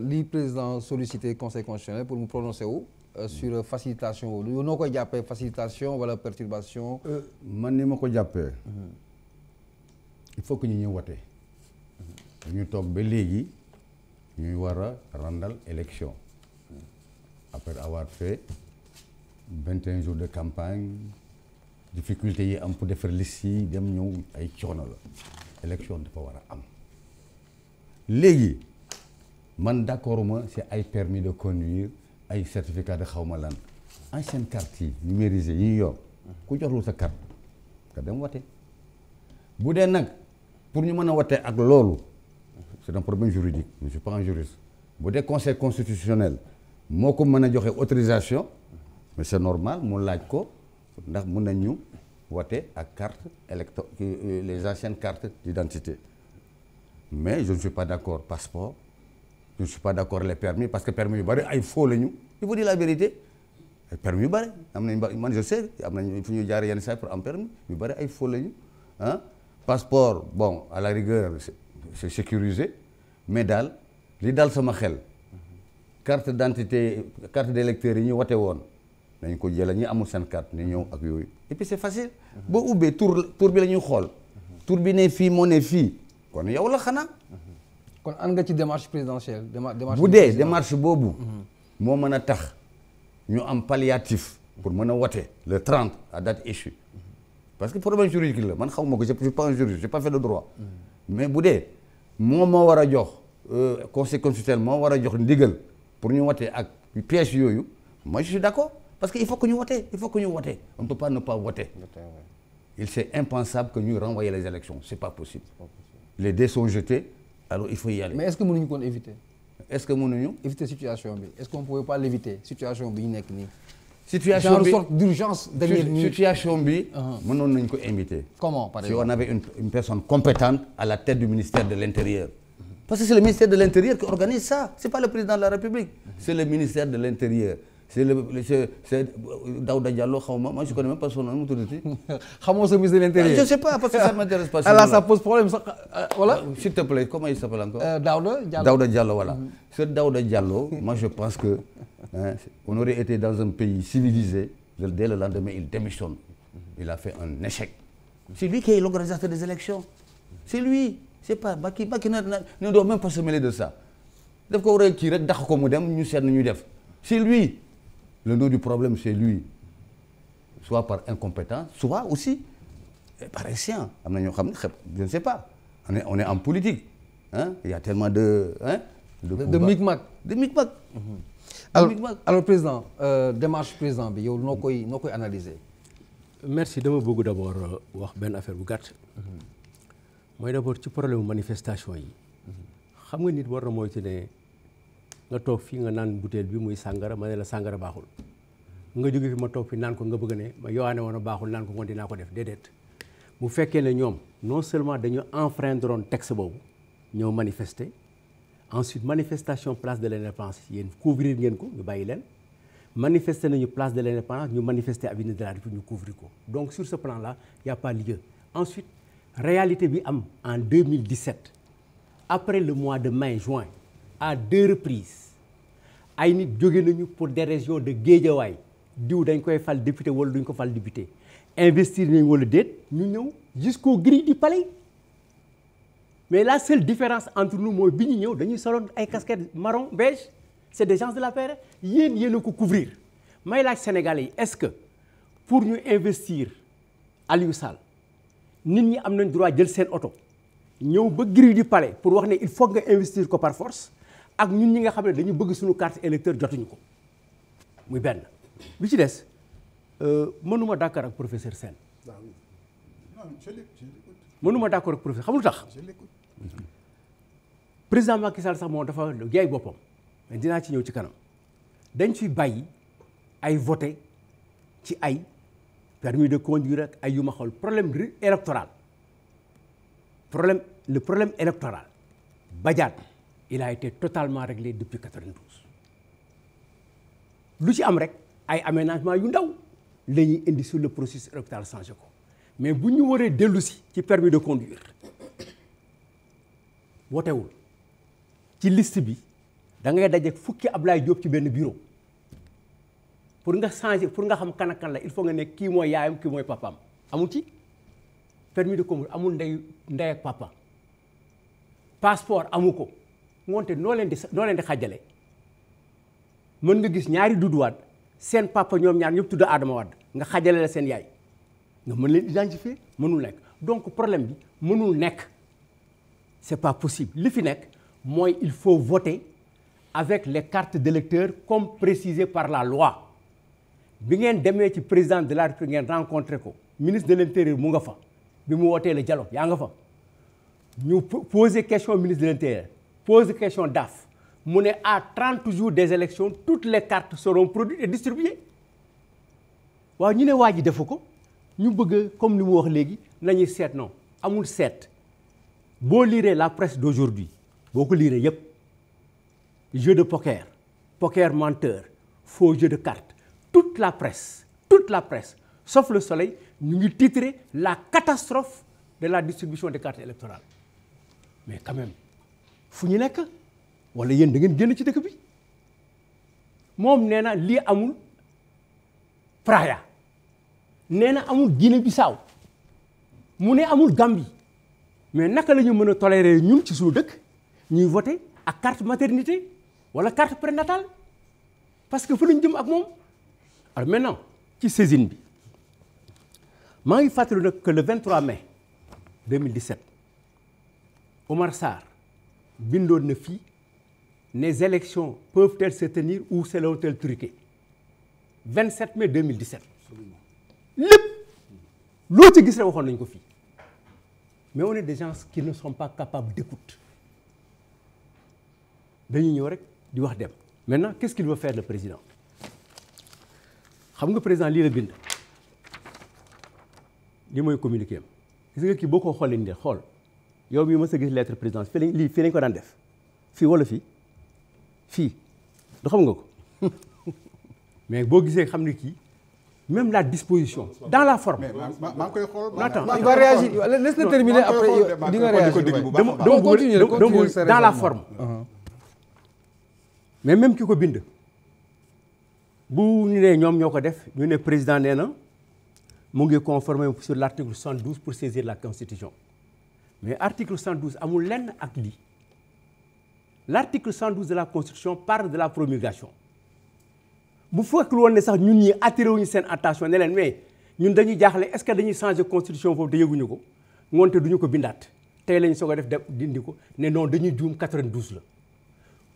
li président sollicité conseil constitutionnel pour mu prononcer wu. Mm. sur facilitation boobu yow noo koy jàppee facilitation wala perturbation. man ni ma ko jàppee. Mm-hmm. il faut que ñu ñëw wate. Mm-hmm. ñu toog ba léegi ñuy war a randal élection. Mm-hmm. après avoir fait vingt un jours de campagne. difficulté yi am pour defar liste yi dem ñëw ay coono la élection dafa war a am léegi man d'accord ma si ay permis de conduire ay certificat de xaw ma lan ancienne carte yi numérisé yi yor ku joxlu sa carte nga dem wate bu dee nag pour ñu mën a watee ak loolu c'est un problème juridique je ne suis pas bu dee conseil constitutionnel moo ko mën a joxe autorisation mais c'est normal mu laaj ko ndax mun nañ ñu voter ak carte électo euh, les anciennes cartes d'identité mais je ne suis pas d'accord passeport je ne suis pas d'accord les permis parce que permis yu bari ay faux lañu ñu il faut dire la vérité permis yu bari am nañ ba man je sais am nañ fu ñuy jaar yenn saa pour am permis yu bari ay faux la ñu ah passeport bon à la rigueur c'est sécurisé mais daal li daal sama xel carte d'identité carte d'électeur yi ñu wote woon nañ ko jël ñi amul seen carte ni ñëw ak yooyu et puis c'est facile. boo ubbee tour tour bi la ñuy xool. tour bi ne fii moo ne fii kon yow la xanaa. kon an nga ci démarche présidentielle démarche. bu dee démarche boobu. Mhm. moo mën a tax ñu am palliatif. pour mën a wote le 30 à date échue. parce que problème juridique la man xaw ma ko je suis pas un juriste j'ai pas fait de droit. Mhm. mais bu dee moo moo war a jox euh, conseil constitutionnel moo war a jox ndigal pour ñu wote ak pièces yooyu moi je suis parce que il faut que ñu vote il faut que ñu vote on ne peut pas ne pas voter il c'est impensable que ñuy renvoyer les élections c'est pas possible les dés sont jetés alors il faut y aller mais est-ce que mënuñu koon éviter éviter situation bi est-ce qu'on pouvait pas l'éviter situation bi ñu nekk nii situation bi sorte d'urgence dernière uh-huh. minute si on avait une, personne compétente à la tête du ministère de l'intérieur. parce que c'est le ministère de l'intérieur c'est le c'est c'est Daouda Diallo xaw ma moi je connais même pas son nom mu tuddati. xamoo sa ministre de l'intérieur. Ah, je je pense que hein, on aurait été dans le lendemain il démissionne. il a fait un échec. c'est lui qui des élections c'est lui c'est pas Macky Macky na ne doit même pas se mêler de ça daf ko war a kii rek dàq ko mu dem ñu seet ñu def c'est lui. le nœud du problème chez lui soit par incompétence soit aussi par escient am na ñoo xam ne je ne sais pas on est en politique hein il y a tellement de hein de de micmac de micmac mhm. alors alors président euh, démarche président bi yow noo koy noo koy analyser. merci dama bëgg d'abord euh, wax benn affaire bu gàtt. Mhm. mooy d'abord ci problème manifestation yi. Mhm. xam nga nit war na moytu ne. nga toog fii nga naan butéel bi muy sàngara ma ne la sàngara baaxul nga jóge fi ma toog fi naan ko nga bëgg ne ma yowaane woon a baaxul naan ko ngoon dinaa ko def déedéet bu fekkee ne ñoom non seulement dañu enfreindre woon texte boobu ñëw manifester ensuite manifestation place de l'indépendance yéen couvrir ngeen ko ñu bàyyi leen manifester nañu place de l'indépendance ñu manifester avenue de la ñu couvrir ko donc sur ce plan là y a pas lieu ensuite réalité bi am en 2017 après le mois de mai juin à deux reprises ay nit jóge nañu pour des régions de Guédiawaye diw dañ koy fal député wala duñ ko fal député investir nañ wala déet ñu ñëw jusqu'aux gris du palais mais la seule différence entre nous mooy bi ñu ñëw dañuy soloon ay casquettes marron beige c'est des gens de la paix yéen yéen ko couvrir may laaj sénégal yi est-ce que pour ñu investir Aliou Sall nit ñi am nañ droit jël seen oto ñëw ba grille du palais pour wax ne il faut nga investir ko par force ak ñun ñi nga xam ne dañu bëgg suñu carte électeur jotuñu ko muy benn bi ci des euh, mënuma d'accord ak professeur Sène mënuma d'accord ak professeur xamul tax président Macky Sall sax moom dafa jaay boppam mais dinaa ci ñëw ci kanam dañ ciy bàyyi ay voté ci ay permi de conduire ak ay yu ma xool problème électoral problème le problème électoral Badiane il a été totalement réglé depuis 92 lu ci am rek ay aménagement yu ndaw la ñuy indi sur le processus changé ko mais bu ñu waree dellu si ci permis de conduire wotewul ci list bi da ngay daje fukki Ablaye Diop ci benn bureau pour nga changer pour nga xam kan ak la il faut nga ne kii mooy yaayam kii mooy papaam amul ci permis de conduire amul ndey ndey papa passeport amu ko wonte noo leen di noo leen di xàjjale mën nga gis ñaari Doudou Wade seen papa ñoom ñaar ñëpp tudd Adama Wade nga xàjjale la seen yaay nga mën leen identifier mënul nekk donc problème bi mënul nekk c'est pas possible li fi nekk mooy il faut voter avec les cartes d'électeurs comme préciser par la loi bi ngeen demee ci président de la République ngeen rencontré ko ministre de l'intérieur mu nga fa bi mu wootee le dialogue yaa nga fa ñu poser question ministre de l'intérieur pose question DAF mu ne à trente jour des élections toutes les cartes seront produites et distribuées waaw ñu ne waa ji defu ko ñu bëgg comme li mu wax léegi nañuy seet non amul seet boo liiree la presse d'aujourd'hui boo ko liiree yépp jeu de poker poker menteur faux jeu de cartes toute la presse toute la presse sauf le soleil ñu ngi titrer la catastrophe de la distribution des cartes électorales mais quand fu ñu nekk walla yéen da ngeen génn ci dëkk bi moom nee na lii amul Praia nee na amul Guinée Bissau mu ne amul Gambie mais naka la mën a tolérer ñun ci suñu dëkk ñuy voter ak carte maternité wala carte nataal parce que fa lañ jëm ak moom alors maintenant ci saisine bi maa ngi fàttali nag que le 23 mai 2017 Omar bindoon na fii les élections peuvent-elles se tenir ou seront-elles truquées 27 mai 2017 lépp loo ci gis rek waxoon nañu ko fii mais on est des gens qui ne sont pas capables d'écoute dañu ñëw rek di wax dem maintenant qu'est-ce qu'il veut faire le président xam nga président lii la bind li mooy communiqué am gis nga kii boo ko xoolee nii xool yow mii mës a gis lettre présidence fii lañ lii fii lañ ko daan def fii wala fii fii du xam nga ko mais boo gisee xam ne kii même la disposition dans la forme. maa maa koy xool maa ngi koy réagir laisse le terminer après di nga réagir donc dans la forme. Uh-huh. mais même ki ko bind. bu ñu nee ñoom ñoo ko def ñu ne président nee na mu ngi conformer sur l' article 72 pour saisir la constitution. mais article 112 amul lenn ak lii l' article de la constitution par de la promulgation bu fekkul woon ne sax ñun ñi attiré wuñu seen attention ne leen mais ñun dañuy jaaxle est ce que dañuy changer constitution foofu te yëguñu ko ngoonte duñu ko bindaat tey lañu soog a def dindi ko ne non dañuy juum 92 la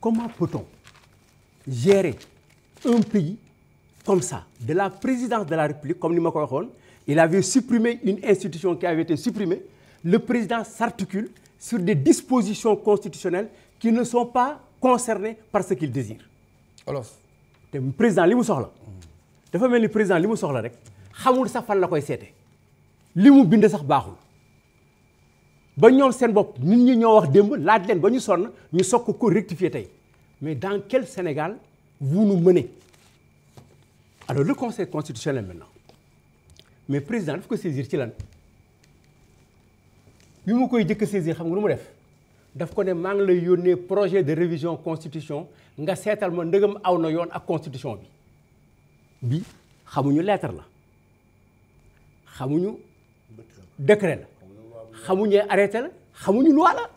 comment peut-on gérer un pays comme ça de la présidence de la république comme ni ma ko waxoon il avait supprimé une institution qui avait été supprimée le président s'articule sur des dispositions constitutionnelles qui ne sont pas concernées parce ce qu'il désire. alors te président li mu soxla. dafa mel ni président li mu soxla rek xamul sax fan la koy seete li mu bind sax baaxul ba ñoom seen bopp nit ñi ñoo wax démb laaj leen ba ñu sonn ñu sokk ko rectifier tey mais dans quel Sénégal vous nous menez alors le conseil constitutionnel maintenant mais président daf ko saisir ci lan. bi mu koy jëkk saisir xam nga lu mu def daf ko ne maa ngi lay yónnee projet de révision constitution nga seetal ma ndëgam aw na yoon ak constitution bi bi xamuñu lettre la xamuñu décret la xamuñu arrêté la xamuñu lu loi la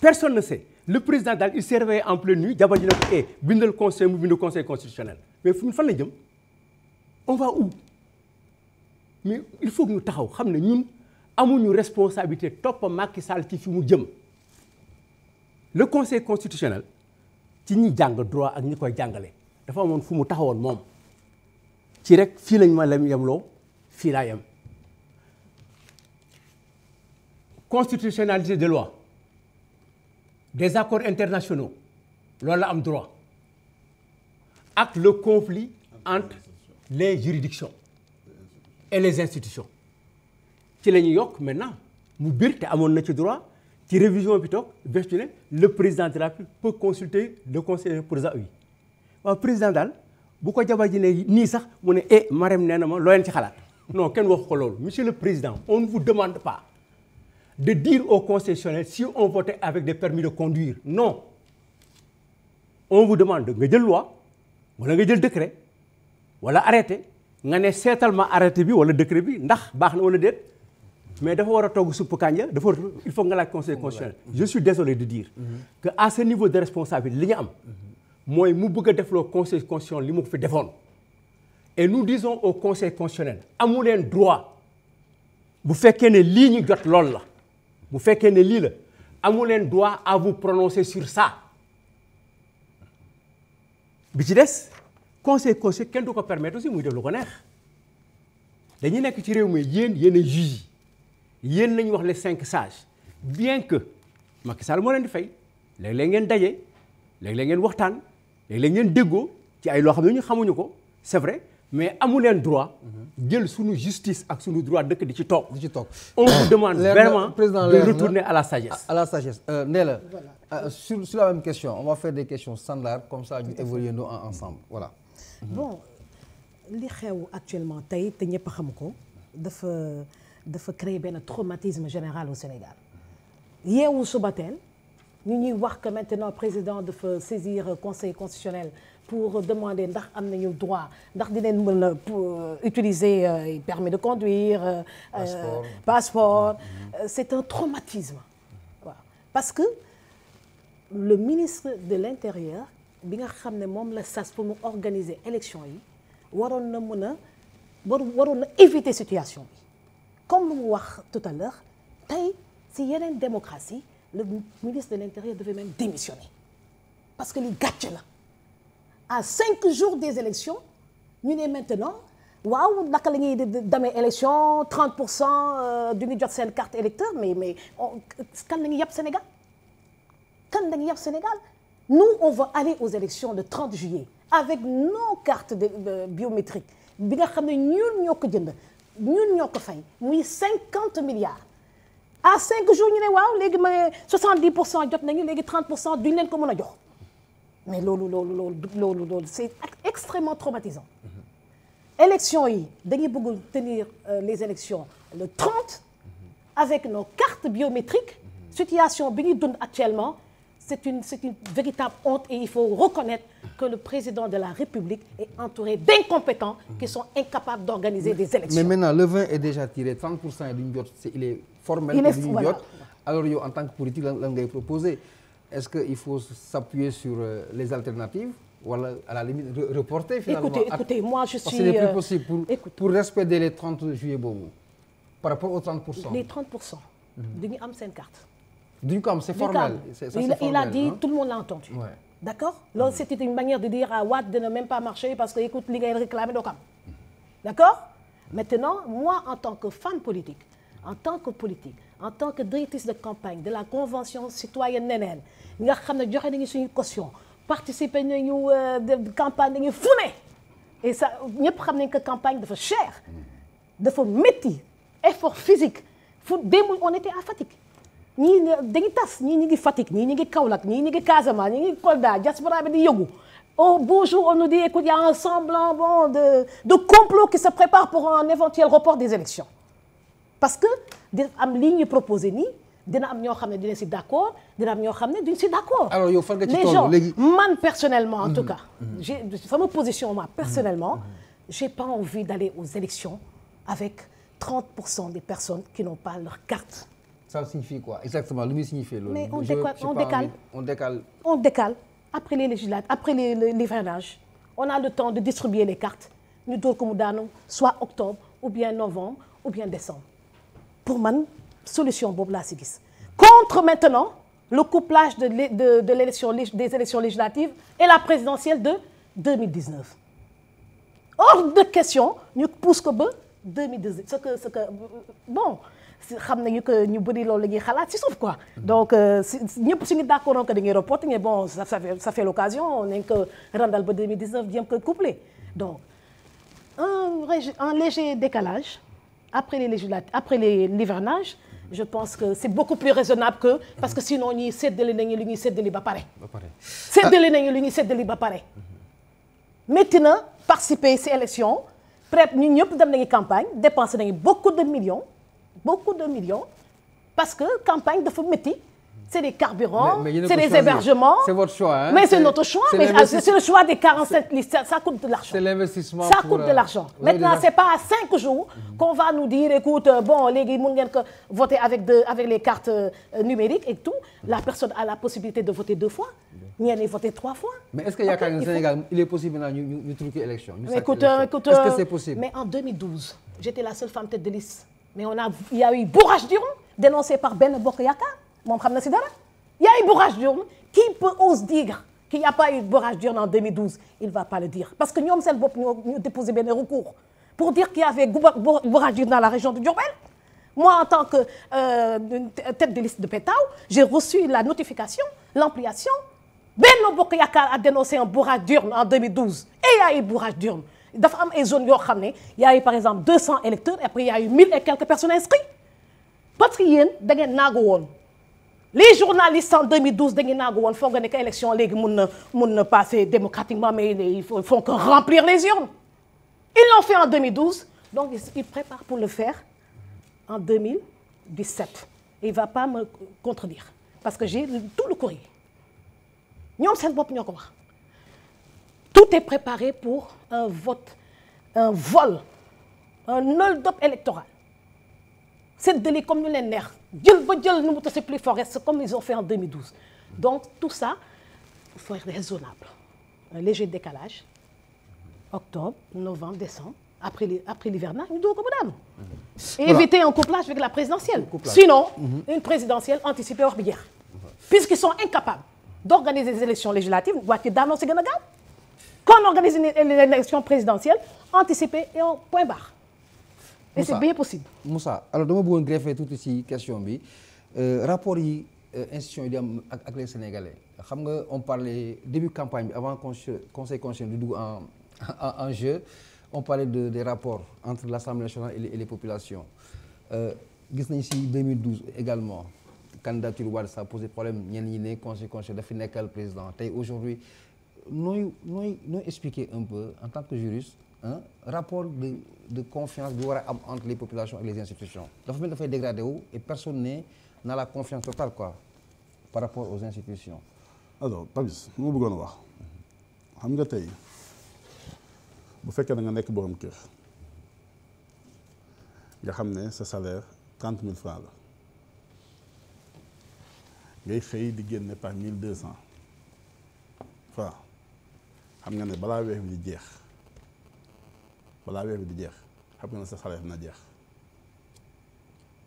personne ne sait le président daal il s'est réveillé en pleine nuit jabar ji ne ko eh bindal conseil mu bind conseil constitutionnel mais fu ñu fan la jëm on va où mais il faut que ñu taxaw xam ne ñun amuñu responsabilité topp Macky Sall ci fi mu jëm le conseil constitutionnel ci ñi jàng droit ak ñi koy jàngale dafa amoon fu mu taxawoon moom ci rek fii lañ ma lem yemloo fii laa yem constitutionnalité de loi des accords internationaux loolu la am droit ak le conflit entre les juridictions et les institutions ci la ñu yokk maintenant mu biir te amoon na ci droit ci révision bi toog vertu ne le président de la République peut consulter le conseil pour ça oui waaw président daal bu ko jabar ji ne nii sax mu ne eh Marème nee na ma loo ci xalaat non kenn waxu ko loolu monsieur le président on ne demande pas de diir au concessionnaire si on votait avec des permis de conduire no on vous demande nga jël loi wala nga jël décret wala arrêté nga ne seetal ma arrêté bi wala décret bi ndax baax na wala déet mais dafa war a togg supp kànja dafa war il faut nga laaj conseil constitutionnel je suis désolé de dire que à ce niveau de responsabilité li ñu am mooy mu bëgg a defloo conseil constitutionnel li mu ko fi defoon et nous disons au conseil constitutionnel amu leen droit bu fekkee ne lii ñu jot lool la bu fekkee ne lii la amu leen droit à vous prononcer sur ça bi ci des conseil conseil kenn du ko permettre aussi muy def lu ko neex dañuy nekk ci réew mi yéen yéen a juge yéen nañu wax les cinq sage bien que Macky Sall moo leen di fay léeg-léeg ngeen daje léeg-léeg ngeen waxtaan léeg-léeg ngeen déggoo ci ay loo xam ne ñu xamuñu ko c'est vrai mais amu leen droit jël suñu justice ak suñu droit dëkk di ci toog. di ci toog on vous demande vraiment de retourner à la sagesse. à la sagesse euh, Ndella euh, sur sur la même question on va faire des question standards comme ça ñu évoluer nous ensemble voilà. bon li xew actuellement tey te ñëpp xam ko dafa. dafa créer benn traumatisme général au Sénégal yeewu suba teel ñu ñuy wax que maintenant président dafa saisir conseil constitutionnel pour demander ndax am nañu droit ndax dinañ mën a euh, utiliser euh, permis de conduire passeport, euh, euh, passeport. Mmh. c'est un traumatisme waaw parce que le ministre de l'intérieur bi nga xam ne moom la sas pour mu organiser élection yi waroon na mën a waroon na éviter situation bi comme lu mu wax tout à l'heure tey si yeneen démocratie le ministre de l'intérieur devait même démissionner parce que li gàcce la à cinq jours des élections ñu ne maintenant waaw naka la ñuy demee élection 30 pour cent euh, du ñu jot seen carte électeur mais mais kan la ñuy yàpp Sénégal kan la ñuy yàpp Sénégal nous on va aller aux élections le 30 juillet avec nos cartes de euh, biométriques bi nga xam ne ñun ñoo ko jënd ñun ñoo ko fay muy cinquante milliards à cinq jours ñu ne waaw léegi ma soixante dix pour cent jot nañu léegi trente pour cent duñ leen ko mën a jox mais loolu loolu loolu loolu loolu c'est extrêmement traumatisant élection yi dañuy bëgg tenir euh, les élections le 30 avec nos cartes biométriques situation bi ñuy dund actuellement c'est une c'est une véritable honte et il faut reconnaître que le président de la République est entouré d'incompétents qui sont incapables d'organiser des élections. mais maintenant le vin est déjà tiré 30 pour cent yi duñu jot c'est il est formel. il est duñu jot alors yow en tant que politique lan lan ngay proposer est-ce que il faut s'appuyer sur euh, les alternatives wala à la limite reporter finalement écoutez écoutez moi je suis parce que c'est plus euh, possible pour pour respecter les 30 juillet boobu par rapport aux 30 pour cent. les 30 pour cent. Mm-hmm. dañu am seen carte. duñ ko am c'est formel c'est formel il a dit tout le monde l'a entendu d'accord loolu c'était une manière de dire à Wade de ne même pas marcher parce que écoute li ngay réclamer doo ko am d'accord maintenant moi en tant que femme politique en tant que politique en tant que directrice de campagne de la convention citoyenne neneen nga xam ne joxe nañu suñu caution participer nañu euh, campagne dañu fu ne et ça ñëpp xam nañ que campagne dafa cher mm. dafa métti effort physique fu démb on était à fatigue ñii dañuy tas ñii ñu ngi Fatick ñii ñu ngi Kaolack ñii ñu ngi Casamance ñii ñu ngi Kolda diaspora bi di yëngu oh bonjour on nous dit écoute il y a un semblant bon de de complot qui se prépare pour un éventuel report des élections parce que dina am lii ñuy proposé nii dina am ñoo xam ne dina si d'accord dina am ñoo xam ne duñ si d'accord. alors yow fan nga ci toll léegi man personnellement en mm-hmm. tout cas. Mm-hmm. j'ai sama position moi personnellement. Mm-hmm. j'ai pas envie d'aller aux élections avec 30 pour cent des personnes qui n'ont pas leur carte. ça signifie quoi exactement lu muy signifier loolu. on décale on décale on décale. on décale après les législatives après les les on a le temps de distribuer les cartes ñu door ko mu daanu soit octobre ou bien novembre ou bien décembre pour man solution boobu la si gis. contre maintenant le couplage de de de l'élection des élections législatives et la présidentielle de 2019 hors de question ñu pousse ko ba 2019 ce que bon. xam nañu que ñu bëri loolu la ñuy xalaat si suuf quoi. donc euh, si ñëpp suñu d' accord que dañuy reporter mais bon ça fait ça fait l' occasion nañ ko randal ba 2019 jéem ko couplé donc un un léger décalage après les législatives après les l'hivernage je pense que c'est beaucoup plus raisonnable que parce que sinon ñuy séddale nañu li ñuy séddale ba pare. ba pare séddale nañu li ñuy séddale ba pare. métti na participer si élection peut-être ñun ñëpp dem nañu campagne dépensé nañu beaucoup de millions. beaucoup de millions parce que campagne dafa métti c'est des carburants c'est des hébergements c'est votre choix hein? mais c'est notre ah, le choix des listes c'est l'investissement ça de euh, l'argent maintenant c'est pas à cinq jours qu'on va nous dire écoute euh, bon léegi mën ngeen voter avec les cartes euh, numériques et tout la personne a la possibilité de voter deux fois mais est-ce possible la seule femme tête de liste mais on a y a eu bourrage d'urnes dénoncé par Benno Bokk Yaakaar moom xam na si dara il y a eu bourrage d'urnes qui peut ose dire qu'il n'y a pas eu bourrage d'urnes en 2012 il va pas le dire parce que ñoom seen bopp ñoo ñoo déposé benn recours pour dire qu'il y avait bourrage d'urnes dans la région de Diourbel moi en tant que euh, tête de liste de Pétaw j'ai reçu la notification l'ampliation Benno Bokk Yaakaar a dénoncé un bourrage d'urnes en 2012 et il y a eu bourrage d'urnes dafa am ay zones yoo xam ne y eu par exemple deux cents électeurs après y a eu mille et quelques personnes inscrites parce que yéen da ngeen naagu woon les journalistes en 2012 da ngeen naagu woon foog nga ne que élection léegi mun na mun na passer démocratiquement mais ils font que remplir les urnes ils l'ont fait en 2012 donc ils préparent pour le faire en et il va pas me contredire parce que j'ai tout le courrier ñoom seen bopp ñoo ko wax tout est préparé pour un vote un vol un nul dop électoral séddale comme ñu leen neex jël ba jël nu mu tase plus forest comme ils ont fait en 2012 donc tout ça il faut être raisonnable un léger décalage octobre novembre décembre après les après l'hivernage ñu doog ko ba daanu. éviter un couplage avec la présidentielle. sinon mhm. une présidentielle anticipée wax bi jeex. puisqu'ils sont incapables d'organiser des élections législatives waa ci daanoo si gën a Quand on organise une, une élection présidentielle, anticiper et on point barre. Et alors dama bëggoon greffer tuuti ci question bi euh, rapport yi euh, institution yi di am ak ak les sénégalais xam nga on parlait début campagne avant conseil conseil constitutionnel di dugg en en jeu on parlait de des rapports entre l'Assemblée nationale et les, et les populations euh, gis nañu ci 2012 également candidature Wade sa a posé problème ñenn ñi ne conseil constitutionnel dafi nekkal président tey aujourd'hui nooy nooy nooy expliquer un peu en tant que juriste rapport de de confiance bi war a am entre les populations ak les institutions dafa mel dafay dégradé wu et personne ne n'a la confiance totale quoi par rapport aux institutions alors Papis li ma bëggoon a wax xam nga tey bu fekkee da nga nekk borom kër nga xam ne sa salaire trente mille francs la ngay xëy di génne par mille deux cent francs xam nga ne balaa weer bi di jeex balaa weer bi di jeex xam nga ne sa salaire dina jeex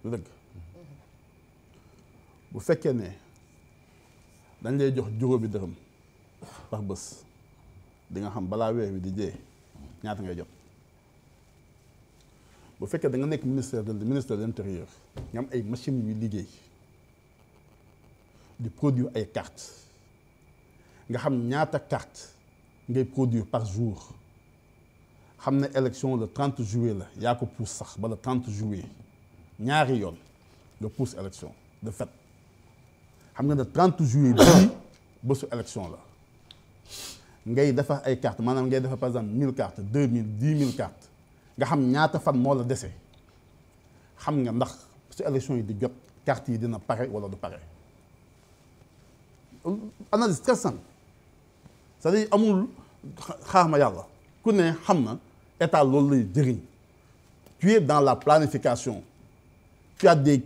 lu dëgg mm-hmm. bu fekkee ne dañ lay jox juróomi dërëm par bés di nga xam balaa weer bi di jee ñaata ngay jot bu fekkee da nga nekk ministère de ministère de l'intérieur nga am ay machines yuy liggéey di produire ay cartes nga xam ñaata carte ngay produire par jour xam na élection le 30 juillet la yaa ko pousse sax ba le 30 juillet ñaari yoon nga pousse élection de fait xam nga le 30 juillet bii bésu élection la ngay defar ay cartes maanaam ngay defar par exemple 1000 cartes 2000 10 000 cartes nga xam ñaata fan moo la dese xam nga ndax su élection yi di jot cartes yi dina pare wala du pare analyse très simple cest à amul xaar yàlla ku ne xam na état loolu lay jëriñ tu es dans la planification tu as des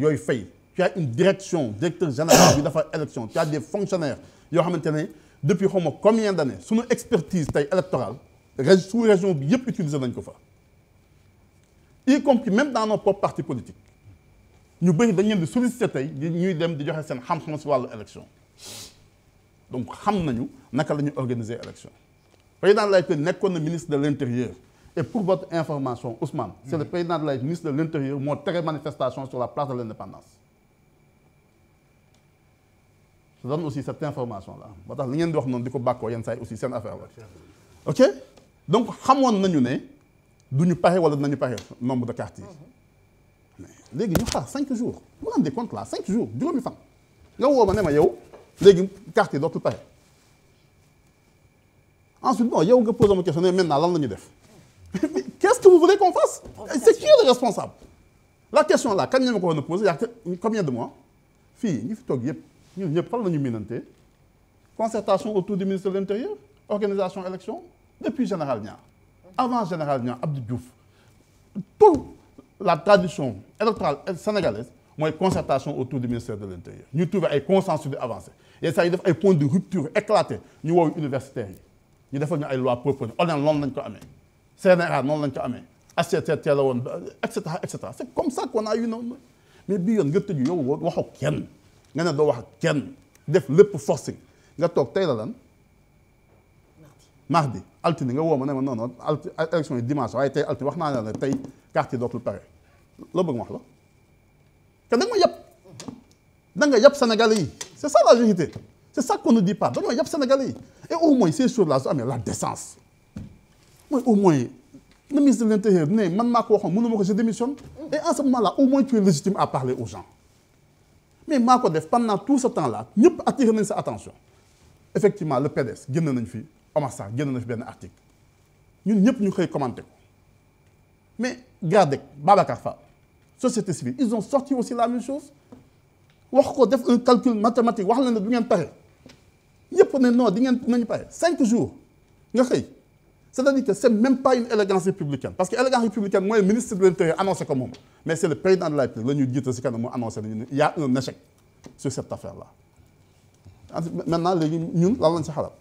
yooyu fay tu une direction directeur général bi dafa élection tu as des yoo xamante ne depuis xaw ma combien d'années suñu expertise tey électorale sous région bi yëpp utiliser nañ ko fa y compris même dans nos parti politique politiques ñu bëri dañ leen di solliciter tey ñuy dem di joxe seen xam-xam si wàllu élection donc xam nañu naka la ñuy organiser élection président de la nekkoon na ministre de l' intérieur et pour votre information Ousmane c' est le mm-hmm. président ministre de l' intérieur moo tere manifestation sur la place de l' indépendance je donne aussi cette information la moo tax li ngeen di wax noonu di ko bàkkoo yenn saa yi aussi seen affaire la ok donc xamoon nañu ne du ñu pare wala dinañu paxe nombre de cartes yi mm-hmm. léegi ñu xaar cinq jours vous vous rendez compte là cinq jours juróomi fan nga woo ma yow léegi carte yi dootul pare ensuite bon yow nga posé ma question ne maintenant lan la ñu def mais qu'est-ce que vous voulez qu'on fasse c'est qui est le responsable la question la ma ko war a posé y a combien de mois fii ñi fi toog yëpp ñun ñëpp fan la ñu miinante concertation autour du ministre de l'intérieur organisation élection depuis général Niang avant général Niang Abdou Diouf tout la tradition électorale sénégalaise mooy concertation autour du ministère de l'intérieur ñu trouver ay consensus de avancé yenn saa yi def ay point de rupture éclaté ñu woowu universitaires yi ñu defal ñu ay loi proposée ONEL noonu lañ ko amee CNRA noonu lañ ko amee HCCT la woon et cetera et cetera c'est comme ça qu'on a eu noonu mais bii yoon nga tëju yow waxu kenn nga ne doo wax kenn def lépp forcé nga toog tey la lan mardi altine nga woo ma ne ma non non alti élection yi dimanche tey altine wax naa ne la tey carte yi dootul pare loo bëgg ma wax la te ma da nga yàpp Sénégalais yi c'est ça la vérité c'est ça qu'on ne dit pas dañoo yàpp Sénégalais yi et au moins ces choses-là la décence mooy au moins le ministre de l'intérieur ne man maa ko waxoon mënu ma ko je démissionne et en ce moment-là au moins tu es légitime à parler mais maa ko def pendant tout ce temps-là ñëpp attiré nañ sa attention effectivement le PDS génn nañ fi Omar Sarr génn nañ fi benn article ñun ñëpp ñu xëy commenté ko mais Gradec Babacar Fall société civile ils ont sorti aussi la même chose wax ko def un calcul mathématique wax la ne du ngeen pare ñëpp ne non di ngeen nañu pare cinq jours nga xëy c'est-à-dire que c'est même pas une élégance républicaine parce que élégance républicaine mooy ministre de l'intérieur annoncé ko moom mais c'est le président de la République la si kanam moo annoncé nañu ne il y a un échec sur cette affaire-là maintenant léegi ñun lan ci xalaat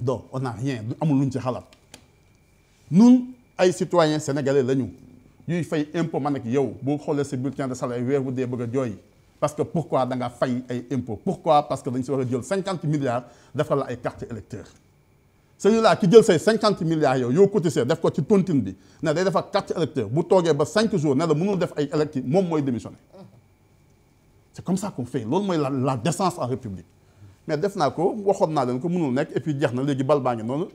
donc on n'a rien amul luñ ci xalaat ñun ay citoyens sénégalais lañu ñuy fay impôt man ak yow boo xoolee sa bulletin de salaire dee bëgg a parce que pourquoi da fay ay impôts pourquoi parce que dañ si war a jël cinquante milliards defal la ay carte électeur celui-là ki jël say cinquante milliards yow yoo cotisé def ko ci tontine bi ne day defar carte électeur bu toogee ba cinq jours ne la mënul def ay électi moom mooy démissionné c'est comme ça qu'on fait loolu mooy la décence en république mais def naa ko waxoon naa leen ko mënul nekk et puis jeex na léegi bal baa ngi noonu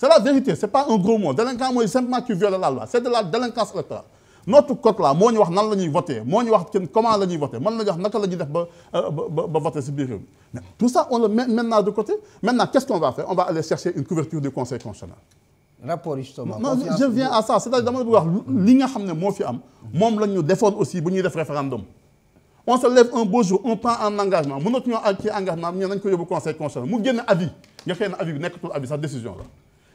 C'est la vérité, c'est pas un gros mot. Délinquant mooy simplement tu violes la loi. C'est de la délinquance électorale. notre code là moo ñu wax nan la ñuy voté moo ñu wax kenn comment la ñuy voté mën nañu wax naka la ñuy def ba euh, ba ba voté ci biir réew mais tout ça on le met maintenant de côté maintenant qu'est-ce qu'on va faire on va aller chercher une couverture du conseil constitutionnel. rapport justement xam ne moo fi am moom la ñu defoon aussi def référendum on se lève un beau nga xëy na avis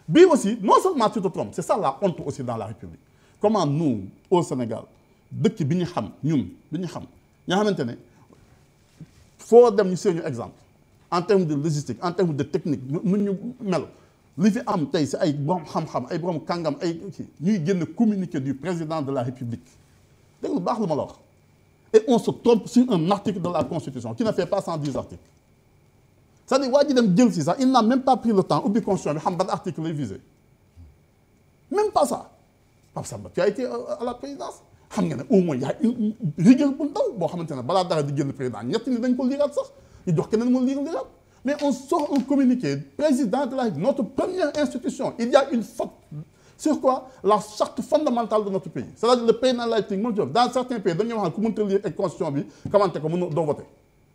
bii aussi non seulement tu te trompes c'est ça la honte aussi dans la République comment nous au Sénégal dëkk bi ñu xam ñun bi ñu xam ña xamante ne foo dem ñu seenu exemple en terme de logistique en termes de technique nu ñu mel li fi am tey si ay borom xam-xam ay borom kàngam ay ñuy génn communiqué du président de la République dégg lu baax lu ma la wax et on se trompe sur un article de la Constitution qui ne fait pas 110 articles cest dire waa ji dem jël si sa il n'a même pas pris le temps ubbi constitution bi xam ban article visé même pas ça Pape Samba tu été euh, à la présidence xam nga au moins y a une rigueur bu ndaw boo xamante ne bala dara di génn président ñett ni dañ ko liiraat sax ñu jox keneen mu liir liiraat mais on sort un communiqué président de la notre première institution il y une faute sur quoi la charte fondamentale de notre pays c'est-à-dire le pays dans la bi commenté ko mën doo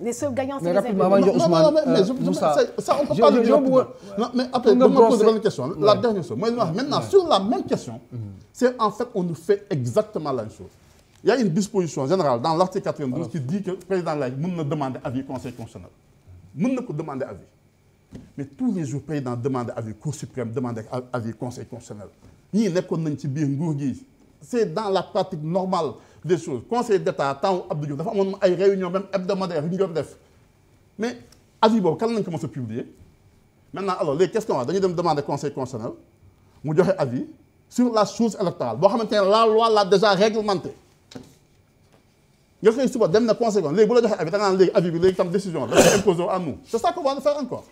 les seuls gagnants euh, c'est les Ousmane mais a dama poser benn question la dernière chose mooy li ma wax maintenant sur la même question mhm. c'est en fait on nous fait exactement la même chose il une disposition générale dans l'article 92 qui dit que président de la mën na demander avis conseil constitutionnel mën na ko demander avis mais tous les jours président demande avis cour suprême demande avis conseil constitutionnel ñii nekkoon nañ ci biir nguur gi c'est dans la pratique normale des choses conseil d'État temps Abdou Diouf dafa amoon ay réunion même hebdomadaire yu ñu doon def mais avis boobu kan lañ ko mos a publier maintenant alors léegi qu'est-ce qu'on dañuy dem demander conseil constitutionnel mu joxe avis sur la chose électorale boo xamante ne la loi l'a déjà réglementée nga xëy suba dem na conseil léegi bu la joxee avis da léegi avis bi léegi tam décision la dafa imposé à nous c'est ça qu'on va faire encore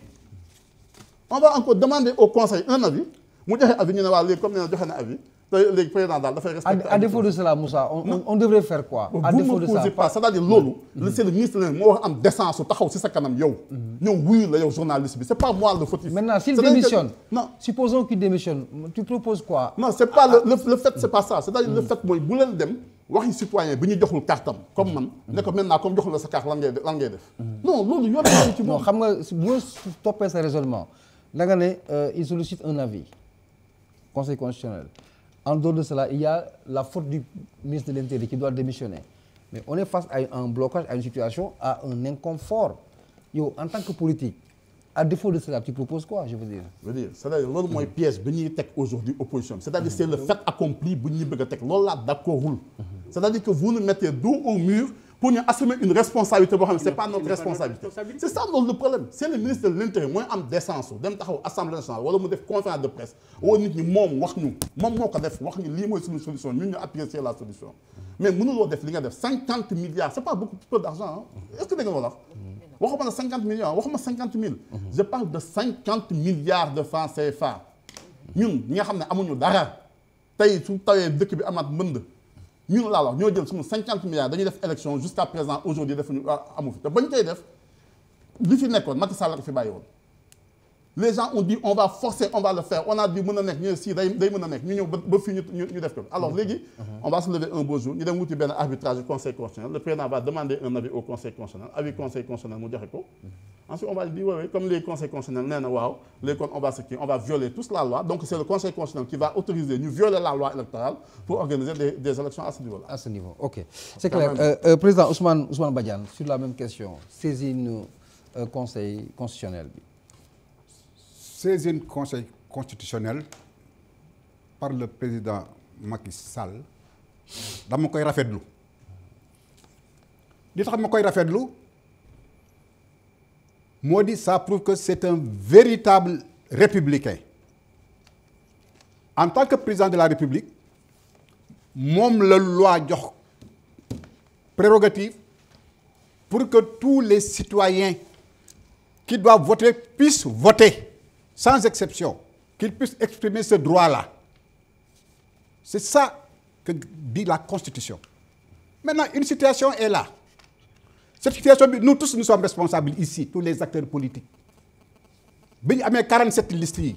encore demander mu joxe avis ñu ne comme nee joxe na avis léegi président daal dafay respecté. à défaut de cela Moussa on on devrait quoi. à défaut de ça c'est-à-dire loolu. c'est mm. le ministre leen moo war a am décence su taxaw si sa kanam yow. Mm-hmm. ñëw wuyu la yow journaliste bi c'est pas moi le fautif. maintenant s'il démissionne non supposons qu'il démissionne tu proposes quoi. non c'est pas ah, ah. le fait c'est pas ça c'est-à-dire le mm. fait mooy bu leen dem. waxi citoyen bi ñu joxul kartam comme man mm. ne ko maintenant comme En dehors de cela, il y a la faute du ministre de l'Intérieur qui doit démissionner. Mais on est face à un blocage, à une situation, à un inconfort. en tant que politique, à défaut de cela, tu proposes quoi, je veux dire. loolu mooy pièce bi ñuy teg aujourd'hui opposition c'est-à-dire c'est le fait accompli bu ñuy bëgg a teg loolu laa d'accordul. C'est-à-dire que vous nous mettez dos au mur pour ñu assumer une responsabilité boo xam ne c' est pas notre responsabilité c' est ça loolu le problème c' est le ministre de l' intérieur mooy am décence dem taxaw assemblée nationale wala mu def conférence de presse woo nit ñi moom wax ñu moom moo ko def wax ñu lii mooy suñu solution ñun ñu apprécier la solution mais mënuloo def li nga def milliards c' pas beaucoup peu d' argent est ce que dégg nga waxuma ne cinquante waxuma milliards de francs CFA ñi nga xam ne amuñu dara tey su tawee dëkk bi amaat mbënd ñun laa wax ñoo jël suñu cinquante milliards dañuy def élection jusqu'à présent aujourd'hui defuñu ah, amu fi te bañ koy def li fi nekkoon Macky Sall la ko fi bàyyi woon les gens ont dit on va forcer on va le faire on a dit mën a nekk ñu si day day mën a nekk ñu ñëw ba fii ñu ñu def ko alors léegi uh-huh. on va se lever un beau jour ñu dem wuti benn arbitrage conseil constitutionnel le président va demander un avis au conseil constitutionnel avis conseil constitutionnel mu joxe ko uh-huh. ensuite on va dire oui comme les conseils constitutionnels nee na on va se kii on va violer tous la loi donc c'est le conseil constitutionnel va autoriser ñu violer la loi électorale pour organiser des des élections à la même euh, bi. saisine conseil constitutionnel par le président Macky Sall dama koy rafetlu li tax ma koy rafetlu moo di ça prouve que c'est un véritable républicain en tant que président de la République moom la loi jox prérogative pour que tous les citoyens qui doivent voter puissent voter sans exception, qu'ils puissent exprimer ce droit la C'est ça que dit la Constitution. Maintenant, une situation est là. Cette situation, nous tous, nous sommes responsables ici, tous les acteurs politiques. bi ñu amee 47 listes yi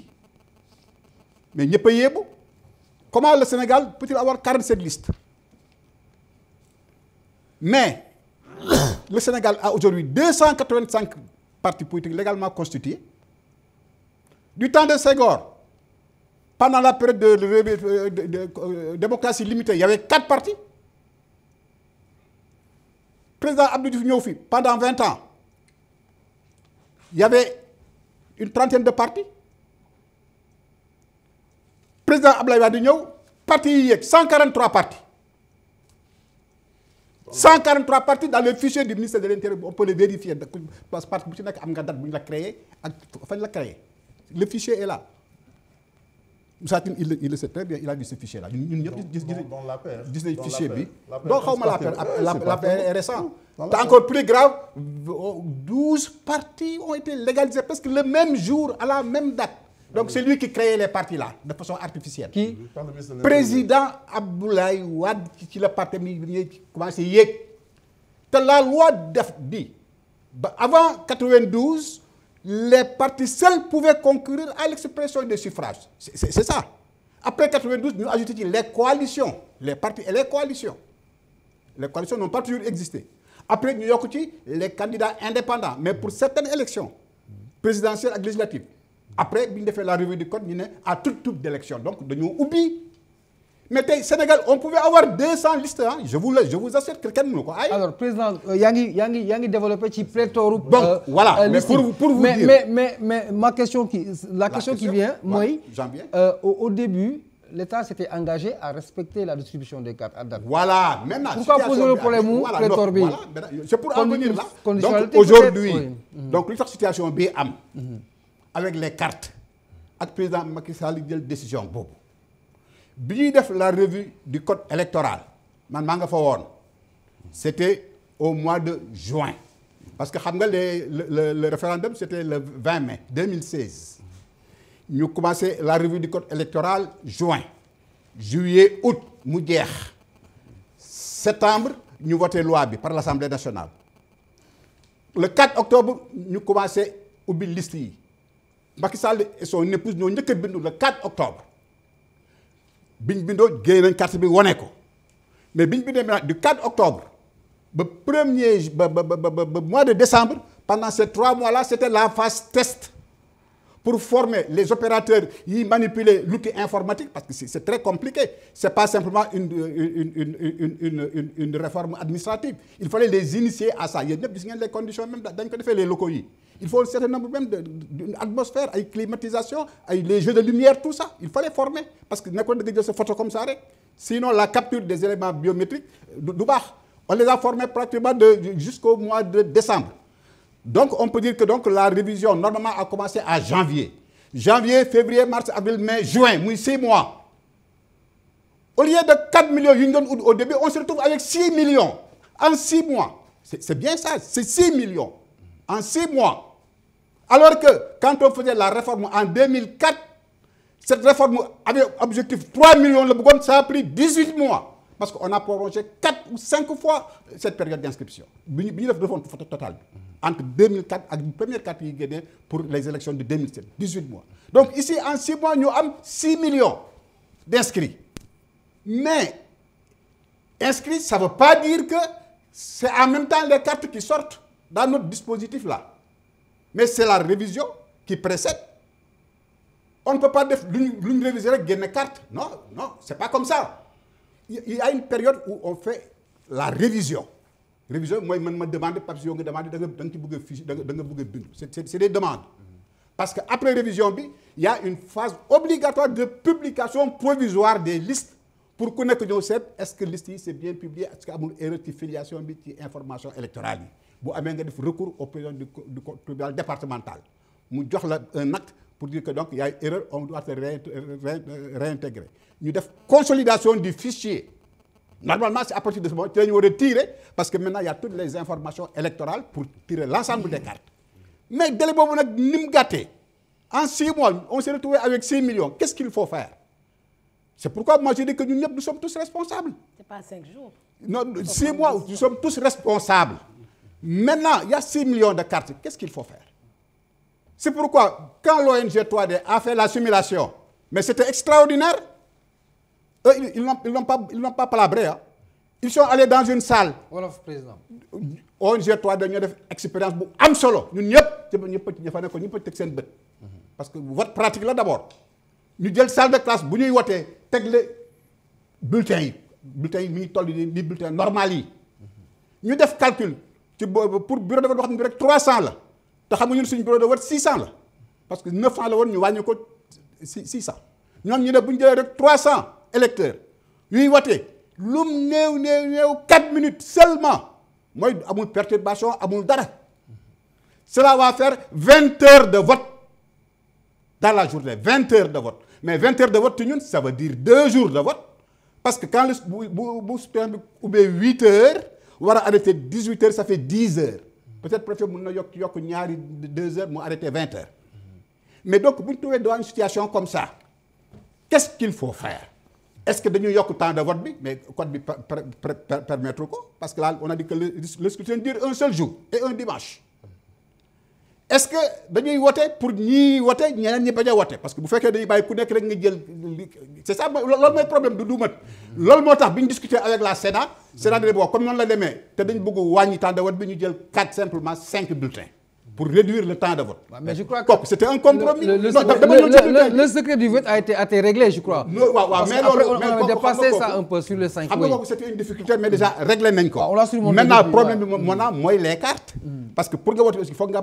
mais ñëpp a comment le Sénégal peut-il avoir 47 listes mais le Sénégal a aujourd'hui 285 partis politiques légalement constitués du temps de Senghor pendant la période de, de, de, de euh, démocratie limitée il y avait quatre partis président Abdou Diouf ñëw fi pendant vingt ans il y avait une trentaine de partis président Ablaye Wade ñëw partis yi yéeg cent quarante trois partis cent quarante trois partis dans le fichier du ministère de l'intérieur on peut le vérifier parce bu ci nekk am nga date bu ñu la créé ak fañ la créé le fichier est là Moussa il il le sait très bien il a vu ce fichier là ñun ñun ñëpp. gis gis nañu fichier bi. donc récent c'est plus grave douze partis ont été légalisés parce que le même jour à la même date. donc ah c'est lui qui créait les partis là de façon artificielle. qui président Abdoulaye ci la parti bi ñuy commencé yéeg. te la loi def di avant les partis seuls pouvaient concourir à l'expression des suffrages c'est ça après 92 ñu ajouté ci les coalitions les partis et les coalitions les coalitions n'ont pas toujours existé après ñu yokk ci les candidats indépendants mais pour certaines élections présidentielles ak législatives après bi ñu defee la revue du code ñu ne à toute type d'élection donc dañoo ubbi mais tey Sénégal on pouvait avoir 200 listes ah je je vous assure que kenn mënu alors président euh, yaa ngi yaa ngi yaa ngi développé ci pléthore. donc euh, voilà euh, mais pour pour vous dire mais mais ma question qui. vient mooy. au début. l'État s'était engagé à respecter la distribution des cartes à date. Voilà, maintenant pourquoi poser le problème mu pléthore bi c'est pour en venir là donc aujourd'hui mhm. donc li tax situation bi am mhm. avec les cartes ak président Macky Sall jël décision boobu bi ñuy def la revue di code électoral man maa nga fa woon c'était au mois de juin parce que xam nga les le le référendum c'était le 20 mai ñu commencé la revue du code électoral juin juillet août mu jeex septembre ñu voté loi bi par l'Assemblée nationale le 4 octobre ñu commencé ubbi liste yi Macky Sall et son épouse ñoo njëkk bindu le 4 octobre biñ bindoo génne nañ carte bi wane ko mais biñ bindee maintenant du 4 octobre ba premier ba ba ba ba mois de décembre pendant ces trois mois la c' était la fas test pour forme les opérateurs yi manipuler l'outil informatique parce que c' est très compliqué c' est pas simplement une une une une une une réforme administrative il fallait les initier à ça yéen ñëpp gis ngeen les conditions même dañ ko defee les locaux yi. il faut un certain nombre même d'une atmosphère ay climatisation ay les jeux de lumière tout ça il fallait former parce que nekkoon da nga jël sa photo comme ça rek sinon la capture des éléments biométriques du baax on les a formés pratiquement de jusqu'au mois de décembre donc on peut dire que donc la révision normalement a commencé à janvier janvier février mars avril mai juin muy six mois au lieu de 4 millions yu ñu doon ut au début on se retrouve avec 6 mois c'est bien ça c'est 6 millions en mois Alors que quand on faisait la réforme en 2004, cette réforme avait objectif 3 millions de Bougon, ça a pris 18 mois. Parce qu'on a prolongé 4 ou 5 fois cette période d'inscription. Nous avons fait total entre 2004 et la première carte pour les élections de 2007, 18 mois. Donc ici, en 6 mois, nous avons 6 millions d'inscrits. Mais inscrits, ça ne veut pas dire que c'est en même temps les cartes qui sortent dans notre là. mais c'est la révision qui précède on ne peut pas def lu ñu lu ñu réviser rek génne carte non non c'est pas comme ça il y a une période où on fait la révision révision mooy man ma demande parce que yow nga demande da nga ci bëgg a fiche da nga da nga bëgg a bind c'est c'est des demandes parce que après révision bi il y a une phase obligatoire de publication provisoire des listes pour ku nekk ñëw seet est-ce que liste yi c'est bien publié est-ce que amul bi ci information électorale yi bu amee nga def recours au président du du tribunal mu jox la un acte pour dire que donc y a une erreur on doit se ñu def consolidation du fichier normalement c'est à partir de ce ci la war a tirer parce que maintenant y a toutes les informations électorales pour tirer l'ensemble des cartes mais délai boobu nag ni mu gàttee en six mois on s'est retrouvé avec six millions qu'est-ce qu'il faut faire c'est pourquoi moi je dis que ñun ñëpp nous sommes tous responsables. c'est pas cinq jours. non six Maintenant, il y a 6 millions de cartes. Qu'est-ce qu'il faut faire C'est pourquoi, quand l'ONG 3D a fait la simulation, mais c'était extraordinaire, eux, ils n'ont pas, pas, palabré. Hein. Ils sont allés dans une salle. Wolof président. ONG 3D, nous def expérience bu am solo. ñun teg seen bët Parce que votre pratique là d'abord. Nous avons une salle de classe, nous avons les bulletins. Les bulletins, les bulletins normaux. Nous avons fait calcul. ci pour bureau de vote boo xam ne rek 300 la te xam nga ñun suñu bureau de vote 600 la parce que 900 la woon ñu wàññi ko 600 ñoom ñu ne bu ñu jëlee rek 300 électeurs yuy watee lum néew néew néew 4 minutes seulement mooy amul perturbation amul dara cela va faire vingt heures de vote dans la journée 20 heures de vote mais 20 heures de vote ci ñun ça veut dire 2 jours de vote parce que quand le bu bu bu scrutin bi war a arrêté dix huit heures ça fait dix heures peut-être préfet mën na yokk yokk ñaari deux heures mu arrêté vingt heures mais donc bu ñu tuwee dans une situation comme ça qu'est-ce qu'il faut faire est-ce que dañuy yokk temps de vote bi mais code bi permettre ko parce que là on a dit que le scrutin dure un seul jour et un dimanche est-ce que dañuy wote pour ñii wote ñeneen ñi bañ a parce que bu fekkee dañuy bàyyi ku nekk rek nga jël c'est loolu mooy tax bi ñu c'est-à-dire boo comme noonu la demee te dañ bëgg wàññi temps de vote bi ñu jël quatre simplement cinq bulletins pour réduire le temps de vote. Ouais, un compromis. Le, le, non, le, le secret mais loolu mais on a dépassé ça un peu sur le cinq. xam nga kooku c'était une difficulté mais déjà mm. réglé nañ ko. maintenant problème bi moom mm. mooy les cartes. Mm. parce que pour nga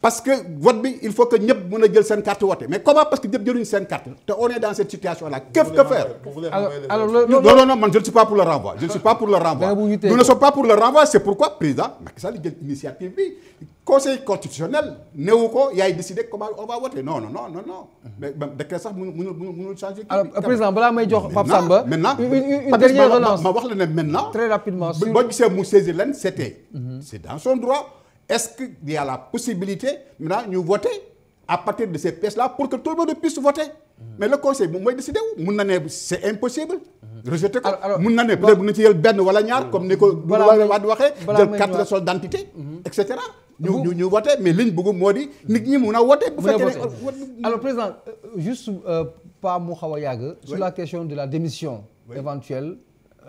parce que vote bi il faut que ñëpp mën a jël seen carte wote mais comment parce que ñëpp jëluñu seen carte te on est cette situation là quest que faire alors non non man je ne pas pour le renvoi je ne pas pour le renvoi nous ne sommes pas pour le renvoi c'est pourquoi président Macky jël initiative bi conseil constitutionnel néewu ko yaay décider comment on va voter non non non non non mais sax mënu mënu mënul changer alors président mu saisir leen c'était mhm. c'est dans son droit Est-ce qu'il y a la possibilité maintenant ñu voter à partir de ces pièces-là pour que tout le monde puisse voter mm-hmm. mais le conseil moom mooy décidé wu mun na ne c'est impossible. Mm-hmm. rejeté ko mun na ne peut-être bu ñu ci jël benn wala ñaar mm-hmm. comme ni ko. balaa muy balaa waxee jël carte sol d'identité. et cetera ñu ñu ñu voté mais liñ bëgg moo di. nit ñi mun a voté bu fekkee ne alors président euh, juste euh, pas mu xaw a yàgg. sur la question de la démission éventuelle.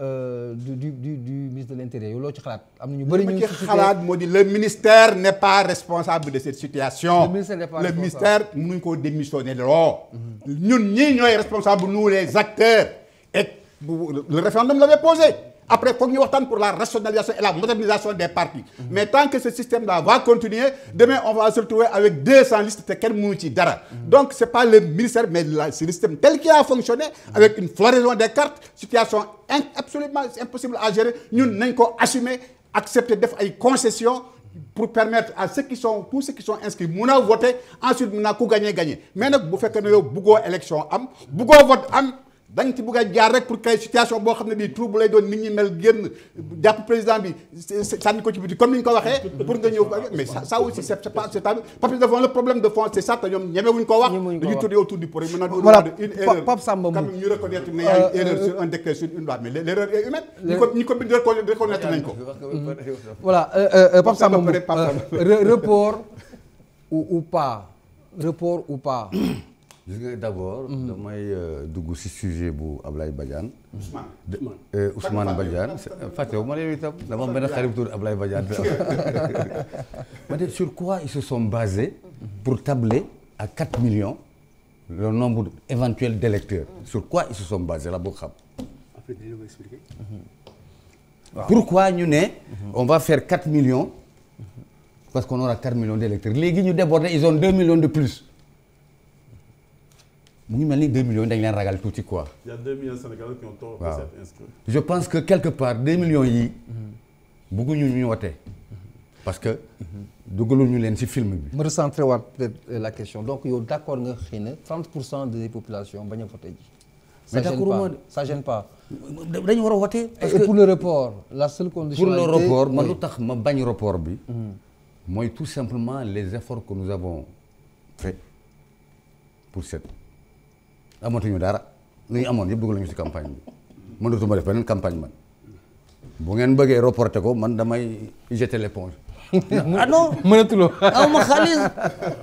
Euh, du du du du ministre de l'intérieur yow loo ci xalaat. am na ñu bëri ñu ci xalaat moo di le ministère n'est pas responsable de cette situation. le ministère n'est pas responsable le ministère mënuñ koo démissionner loo. ñun ñii ñooy responsable nu les acteurs. et le référendum l'avait posé. après foog ñu waxtaan pour la rationalisation et la modernisation des partis mais tant que ce système là va continuer demain on va se retrouver avec 200 listes te kenn mënu ci dara donc c'est pas le ministère mais le système tel qu'il a fonctionné avec une floraison des cartes situation absolument impossible à gérer ñun nañ ko assumer accepter def ay concessions pour permettre à ceux qui sont tous ceux qui sont inscrits mun a voter ensuite mun naa ku gagner nag bu fekkee ne yow buggoo élection am buggoo vote am dañ ci bugg a jaar rek pour créer situation boo xam ne bii trouble lay doon nit ñi mel génn jàpp président bi sànni ko ci biti comme ni ñu ko waxee pour nga ñëw mais ça aussi c'est pas c'est pas parce que devant problème de fond c'est ça te ñoom ñemewuñ ko wax dañuy tourner autour du problème euh, euh, euh, mais l'erreur humaine ñi ko ñi ko nañ ko voilà Pape Samba report report ou pas gis nga d' abord. Mhm. damay euh, dugg si sujet bu Ablaye Badiane. Ousmane Ousmane euh, Badiane fàttewu ma yow itam dama am benn xarit bu tudd Ablaye Badiane. ma ne sur quoi ils se sont basés. pour tabler à 4 millions. le nombre éventuel d' électeurs. sur quoi ils se sont basés la boo xam. après dinañ mhm. ñu ne. on va faire million millions. parce qu'on aura 4 millions d' léegi ñu déborder ils ont 2 millions de plus. mu ngi mel ni 2 millions dañ leen ragal tuuti quoi. il y je pense que quelque part 2 millions yi. bëgguñu ñu ñu wote. parce que dugalu ñu leen ci film bi. ma recentré waat peut euh, la question donc yow d'accord nga xëy na 30 pour cent des populations bañ a voté ji. mais gêne pas dañu war a voté. parce que pour la seule condition. pour le report man lu tax ma bañ report bi. Mm. mooy tout simplement les efforts que nous avons faits pour cette. amatuñu dara lu ñu amoon yëpp dugal nañu si campagne bi mënatuma def beneen campagne man bu ko man damay jeter l'éponge ah ma xaalis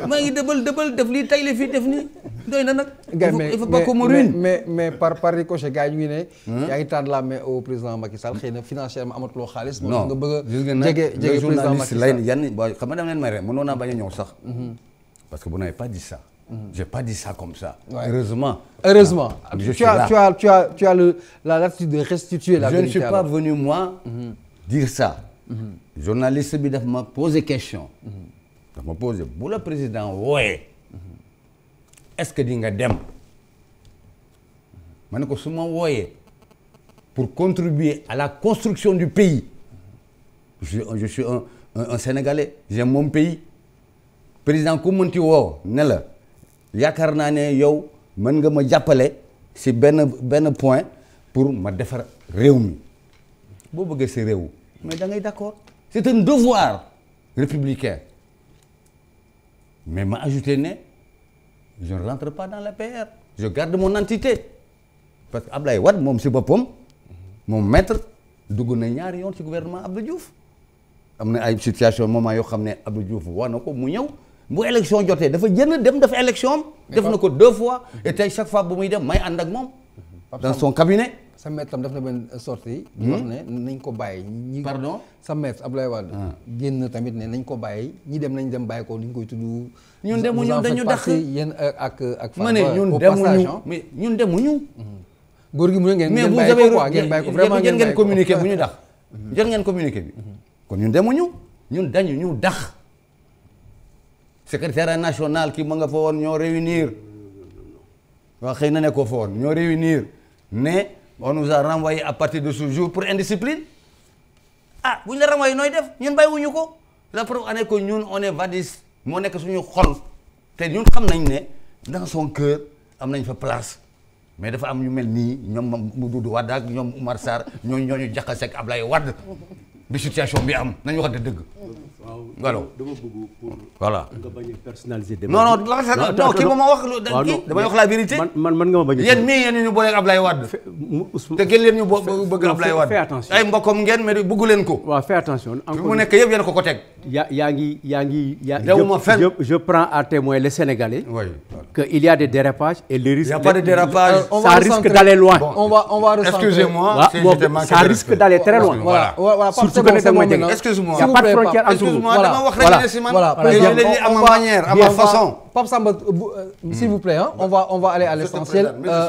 maa ngi dëbal dëbal def lii tay la fii def nii doy na nag. il faut pas qu'on me ruine mais mais par par ricochet gars yi ñu ne. Hmm? yaa ngi tànn la mais au président Macky Sall xëy na financièrement amatuloo xaalis. non nga bëgg a jege jege président Macky Sall yan xam nga da ngeen may rek mënoon naa bañ a ñëw sax. Mhm. parce que bu nawet pas dit ça. j'ai pas dit ça comme ça. Ouais. heureusement. heureusement ah, je suis là tu as tu as tu as le la latitude de restituer pas venu moi. Mhm. dire ça. Mhm. journaliste bi daf ma poser question. Mhm. daf ma poser bu président wooyee. est-ce que di nga dem. ma ne ko su ma wooyee pour contribuer à la construction du pays je je suis un un, un Sénégalais j'aime mon pays président ku mënti woo ne la. yaakaar naa ne yow mën nga ma jàppale si benn benn point pour ma defar réew mi boo bëggee si réew mais da ngay d'accord c'est un devoir républicain mais ma ajouté ne je ne rentre pas dans l'APR je garde mon entité parce que Ablaye wat moom si boppam moom maître dugg na ñaari yoon si gouvernement la Diouf am na ay situation moment yoo xam ne Abdou Diouf wax na ko mu ñëw bu élection jotee dafa jënd dem def élection am. def na ko deux fois et tey chaque fois bu muy dem may ànd ak moom. dans son cabinet. sa maître tam def na benn sortie yi. Hmm? wax ne nañ ko bàyyi. ñi pardon sa maître Abdoulaye Wade. Ah. tamit ne nañ ko bàyyi ñi dem nañ dem bàyyi ko ni ñu koy tudd. ñun demuñu dañu dàq yéen euh, ak euh, ak. ma ne ñun demuñu mais ñun demuñu. Hmm. góor gi mu ne ngeen ngeen bàyyi ko quoi ngeen bàyyi ko vraiment ngeen bàyyi ko communiqué bu ñu dàq. jot ngeen communiqué bi. Hmm. kon ñun demuñu ñun dañu ñu dàq. secrétaire national kii ma nga fa woon ñoo réunir waaw xëy na nekkoo fa woon ñoo réunir mais on nous a à partir de ce jour pour indiscipline ah bu ñu la renvoyé nooy def ñun wuñu ko la preuve ko ñun on est vadis moo nekk suñu xol te ñun xam nañ ne ndax son cœur am nañ fa place mais dafa am ñu mel nii ñoom Doudou Wade ak ñoom Oumar Sarr ñooñu ñooñu jaxase ak Ablaye bi situation bi am nañu wax de dëgg. waaw dama bëgg pour. voilà nga bañ a personnaliser. non non non kii moom ma wax. waaw non damay wax la vérité. man man nga ma bañ a. yéen mii yéen ñu booleeg Ablaye Wade. te gën leen ñu bëgg Ablaye Wade. ay mbokkam ngeen mais bëggu leen ko. waaw fais attention. encore mu nekk yëpp yéen ko ko teg. yaa yaa ngi yaa ngi. dawuma fenn je je prends à témoin les Sénégalais. oui que il y a des dérapages et le risque. y a pas de dérapage. Euh, ça risque d'aller loin. on va on va recentrer. excusez-moi. ça risque d'aller très loin. voilà c'est bon c'est bon excuse-moi il n'y a pas de frontière entre nous voilà voilà voilà à ma manière à ma façon Pape Samba euh, euh, s'il vous plaît on va on va aller à l'essentiel euh,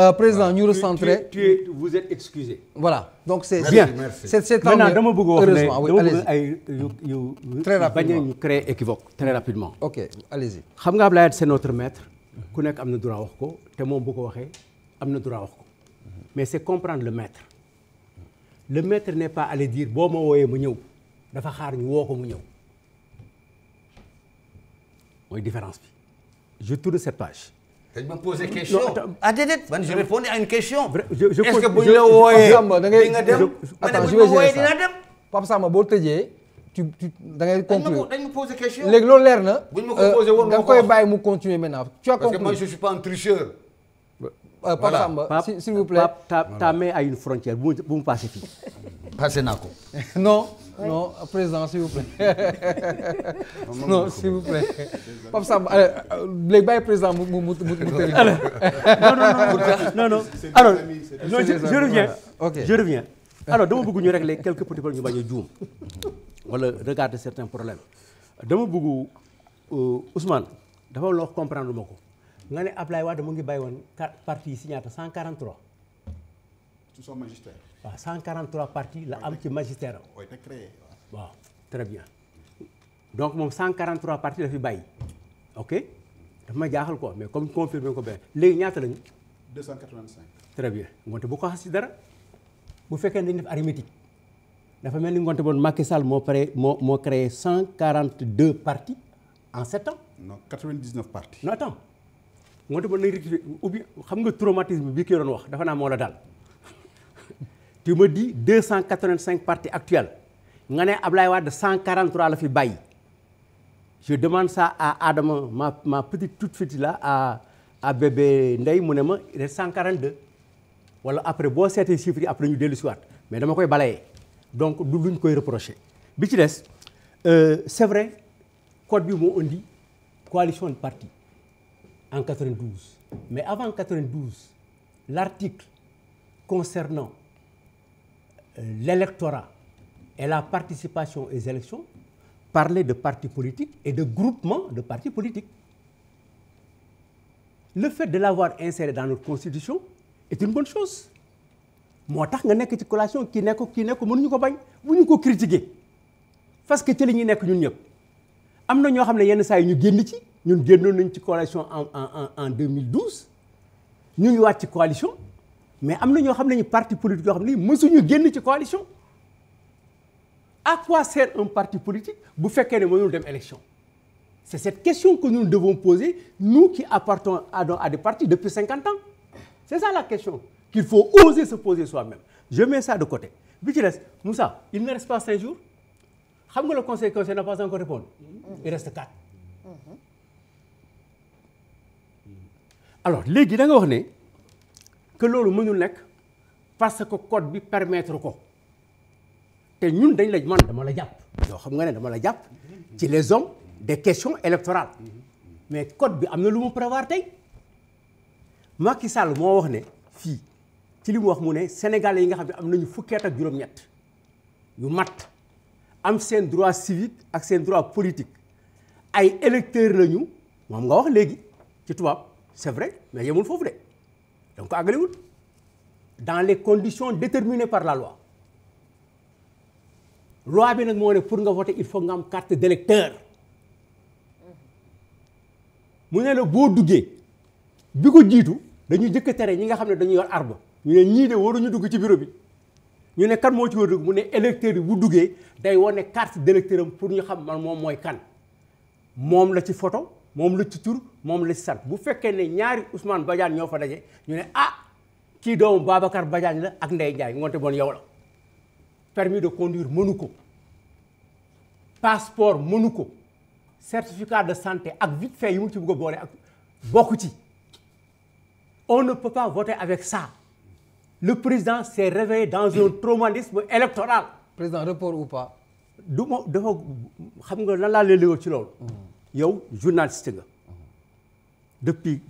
euh, président ah. ñu recentrer tu, tu, tu vous êtes excusé. voilà donc c'est bien c'est maintenant dama bëgg wax ne dama bëgg ay yu yu. très rapidement bañ ñu créer équivoque très rapidement. ok allez-y. xam nga Abdoulaye c'est notre maître. ku nekk am na droit wax ko te moom bu ko waxee am na droit wax ko mais c'est comprendre le maître. le maître ne pas allé dire boo ma wooyee mu ñëw dafa xaar ñu woo ko mu ñëw mooy différence bi je tourne cette page. dañ ma posé question ah déedéet man je question. je je est-ce que bu ñu la wooyee di nga dem attends je vais boo tëjee tu tu da ngay conclure dañ ma posé question léegi loolu leer na. buñ ma ko posé euh, mu continuer maintenant. tu as conclu parce que Euh, Pape Samba vous plaît Pape a une frontière bu mu bu mu fii. passé naa ko. non non président s'il vous plaît non euh, léegi bàyyi président mu mu mu mu tëri. non non non non je je ok je reviens alors dama bëgg ñu régler quelques petits problèmes ñu bañ a juum wala regarder certains problèmes dama bëgg euh, Ousmane dafa loo comprendre ma nga ne Ablaye da mu ngi bàyyi woon parti si ñaata 143. ci son magistère. waaw 143 parti la am ci magistère am. mooy créé waaw. très bien donc moom 143 parti la fi bàyyi ok dafa ma jaaxal ko mais comme confirmé ko benn léegi ñaata lañu. 285. très bien ngoonte bu ko xas si dara bu fekkee dañu def arithmétique dafa mel ni ngoonte bon Macky Sall moo pare moo moo créé 142 partis en sept ans. non 99 partis. non attends. moo tax mën xam nga traumatisme bi kii doon wax dafa naa moo la daal tu me dis deux cent quatre-vingt-cinq partis actuels nga ne Ablaye Wade cent quarante-trois la fi bàyyi je demande ça à Adama ma ma petite toute petite là à à bébé Ndeye mu ne ma il est cent quarante-deux wala après boo seetee chiffres yi après ñu dellu si waat mais dama koy balayee donc du luñ koy reprocher bi ci des euh, c'est vrai code bi moo indi coalition de en 92. Mais avant 92, l'article concernant euh, l'électorat et la participation aux élections parlait de parti politique et de groupements de partis politique Le fait de l'avoir inséré dans notre constitution est une bonne chose. moo tax nga nekk ci collation kii nekk kii nekk mënuñu ko bañ bu ñu ko critiquer parce que ci li ñuy nekk ñun ñëpp am na ñoo xam ne yenn saa yi ñu génn ci. ñun génnoon nañ ci coalition en en en 2012 ñu ngi waat ci coalition mais am na ñoo xam ne ñu parti politique yoo xam ne mësuñu génn ci coalition a quoi sert un parti politique bu fekkee ne mënul dem élection c'est cette question que nous devons poser nous qui appartenons à à des parti depuis cinquante ans c'est ça la question qu'il faut oser se poser soi-même je mets ça de côté bi ci des Moussa il ne reste pas cinq jours xam nga la conseil conseil n'a pas encore répondu il alors léegi da nga wax ne que loolu mënul nekk parce que code bi permettre ko te ñun dañ la man dama la jàpp yoo xam nga ne dama la jàpp ci les hommes des questions électorales mais code bi am na lu mu prévoir tey Macky Sall moo wax ne fii ci li mu wax mu ne sénégalais yi nga xam ne am nañu fukki ak juróom-ñett yu matt am seen droit civique ak seen droit politique ay électeurs lañu moom nga wax léegi ci tubaab. c' est vrai mais yemul foofu de da nga ko àggaliwul dans les conditions déterminées par la loi la loi bi nag moo ne pour nga voter il faut nga am carte d' électeur mu ne la boo duggee bi ko jiitu dañuy jëkk tere ñi nga xam ne dañuy yor arme ñu ne ñii de waruñu dugg ci bureau bi ñu ne kan moo ci war dugg mu ne électeur bi bu duggee day wane carte directeur am pour ñu xam man moom mooy kan moom la ci photo moom la ci tur moom la ci bu fekkee ne ñaari Ousmane Badiane ñoo fa daje ñu ne ah kii doomu Babacar Badiane la ak Ndeye Ndiaye ngoonte bon yow la permis de conduire mënu ko passeport mënu ko certificat de santé ak vite fait yi mu ci bëgg a boole ak bokku ci on ne peut pas voter avec ça le président s'est réveillé dans un traumatisme électoral président report ou pas du ma dafa xam nga lan laa léeg-léeg ci loolu mm. yow journaliste nga depuis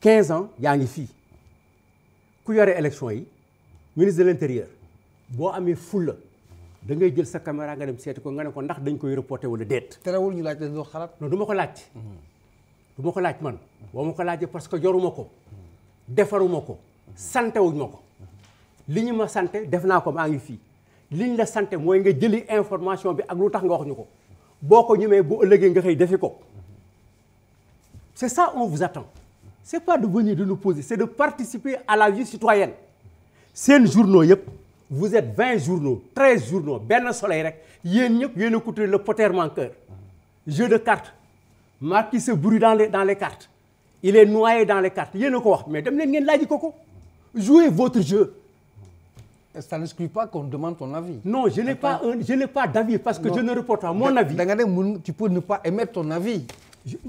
quinze ans yaa ngi fii ku yore élection yi ministre de l'intérieur boo amee fulla da ngay jël sa caméra nga dem seeti ko nga ne ko ndax dañ koy reporté wala déet. terewul ñu laaj la ñu xalaat. non du ma ko laaj. du ma ko laaj man boo ma ko laajee parce que joruma ko defaruma ko santewuma ko li ñu ma sante def naa ko maa ngi fii li ñu la sante mooy nga jëli information bi ak lu tax nga wax ñu ko boo ko ñemee bu ëllëgee nga xëy defi ko. C'est ça on vous attend. C'est pas de venir de nous poser, c'est de participer à la vie citoyenne. seen journaux yëpp vous êtes vingt journaux treize journaux benn soleil rek yéen ñëpp yéen a coûté le poter manqueur jeu de cartes Macky se brouille dans les dans les cartes il est noyé dans les cartes yéen a ko wax mais dem leen ngeen laaji ko ko jouez votre jeu. Et ça n'exclut pas qu'on demande ton avis. Non, je n'ai pas un, je n'ai pas parce que je ne reporte mon avis. da nga ne mun tu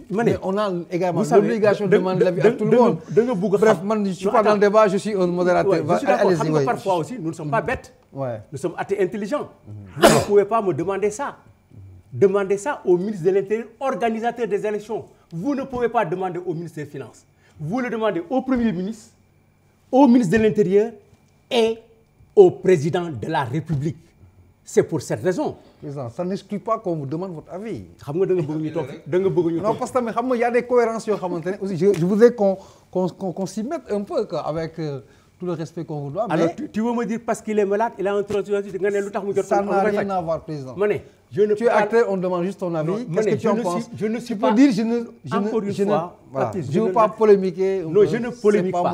ma ne on a également l'obligation de demander l'avis à tout le monde. da nga bugg a bref man je ne suis pas dans le débat je suis un modérateur. d'accord parfois aussi nous ne sommes pas bêtes. nous sommes athées intelligents. vous organisateur des élections vous ne pouvez pas demander au ministre des Finances vous le demandez au Premier ministre au ministre de l'Intérieur et au président de la République c'est pour cette raison président ça n'exclut pas qu'on vous demande votre avis. xam nga da nga bëgg ñu toog da nga bëgg ñu toog non parce que tamit xam nga y a des cohérences yoo je je voudrais qu'on s'y mette un peu quoi avec euh, tout le respect qu'on vous doit. mais alors tu, me dire parce qu'il est malade il a un trottoir nga ne lu tax mu jot. ça n'a rien à voir président ma ne. je ne tu es juste ton avis. ce que tu en penses je ne suis pas dire je ne je ne pas polémiquer. non je ne polémique pas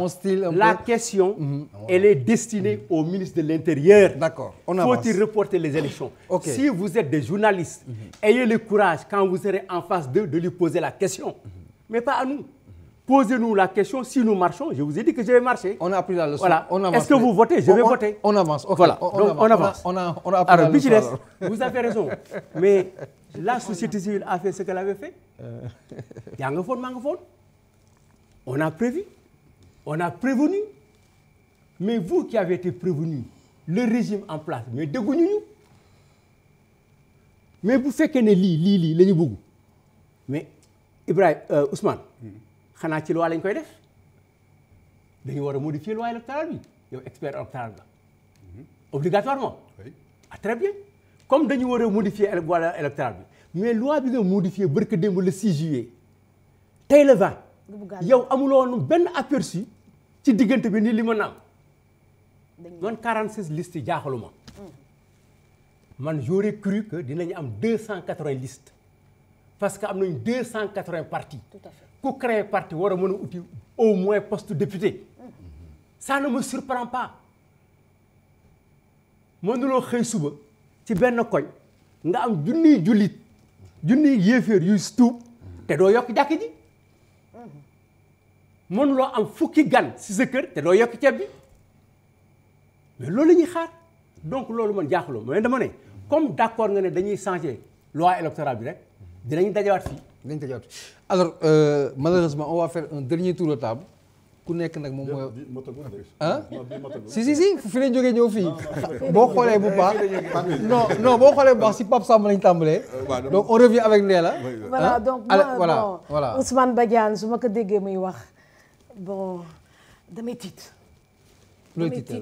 la question. Mhm. elle est destinée au ministre de l'intérieur. d'accord on avance faut-il reporter les élections. ok si vous êtes des journalistes. Mhm. ayez le courage quand vous serez en face de lui poser la question. Mhm. mais pas à nous. Posez-nous la question si nous marchons je vous ai que je la leçon voilà vous votez je vais on, voter. on avance ok voilà on, donc vous avez raison mais la société civile a fait ce qu'elle avait fait. Euh. yaa nga foon maa on a prévu on a prévenu mais vous qui avez été prévenu le régime en place mais dégguñu ñu mais bu fekkee ne lii lii lii la ñu bëgg mais Ibrahima euh, Ousmane. xanaa ci loi lañ koy def dañuy war a modifier loi électorale bi yow expert électoral nga mhm. obligatoirement ah très bien comme dañu war a modifier loi bi mais loi bi nga modifier barke démb le 6 juillet tey le 20 yow amuloon benn aperçu ci diggante bi ni li ma naam man 46 listes jaaxaluma mm. man j'aurais cru que dinañu am 280 listes parce que am nañu 280 partis tout à ku créer parti war a mën a uti au moins poste député ça ne me surprend pas mënuloo xëy suba ci benn koñ nga am junniy jullit junniy yéeféer yuy tuub te doo yokk jàkk ji loo am fukki gan si sa kër te doo yokk ceeb bi mais loolu la ñuy xaar donc loolu man jaaxuloo mais dama ne comme d'accord nga ne dañuy changer loi électorale bi rek dinañ dajawaat fii nañ ko jot alors euh, malheureusement on va un dernier tour de table ku nekk nag moom mooy. si si si fi lañ jógee ñëw fii boo xoolee bu baax non non boo xoolee bu baax si Pape Samba lañ tàmbalee. Euh, donc on revient avec Ndella. voilà donc moi bon Ousmane su ma ko déggee muy wax bon damay tiit.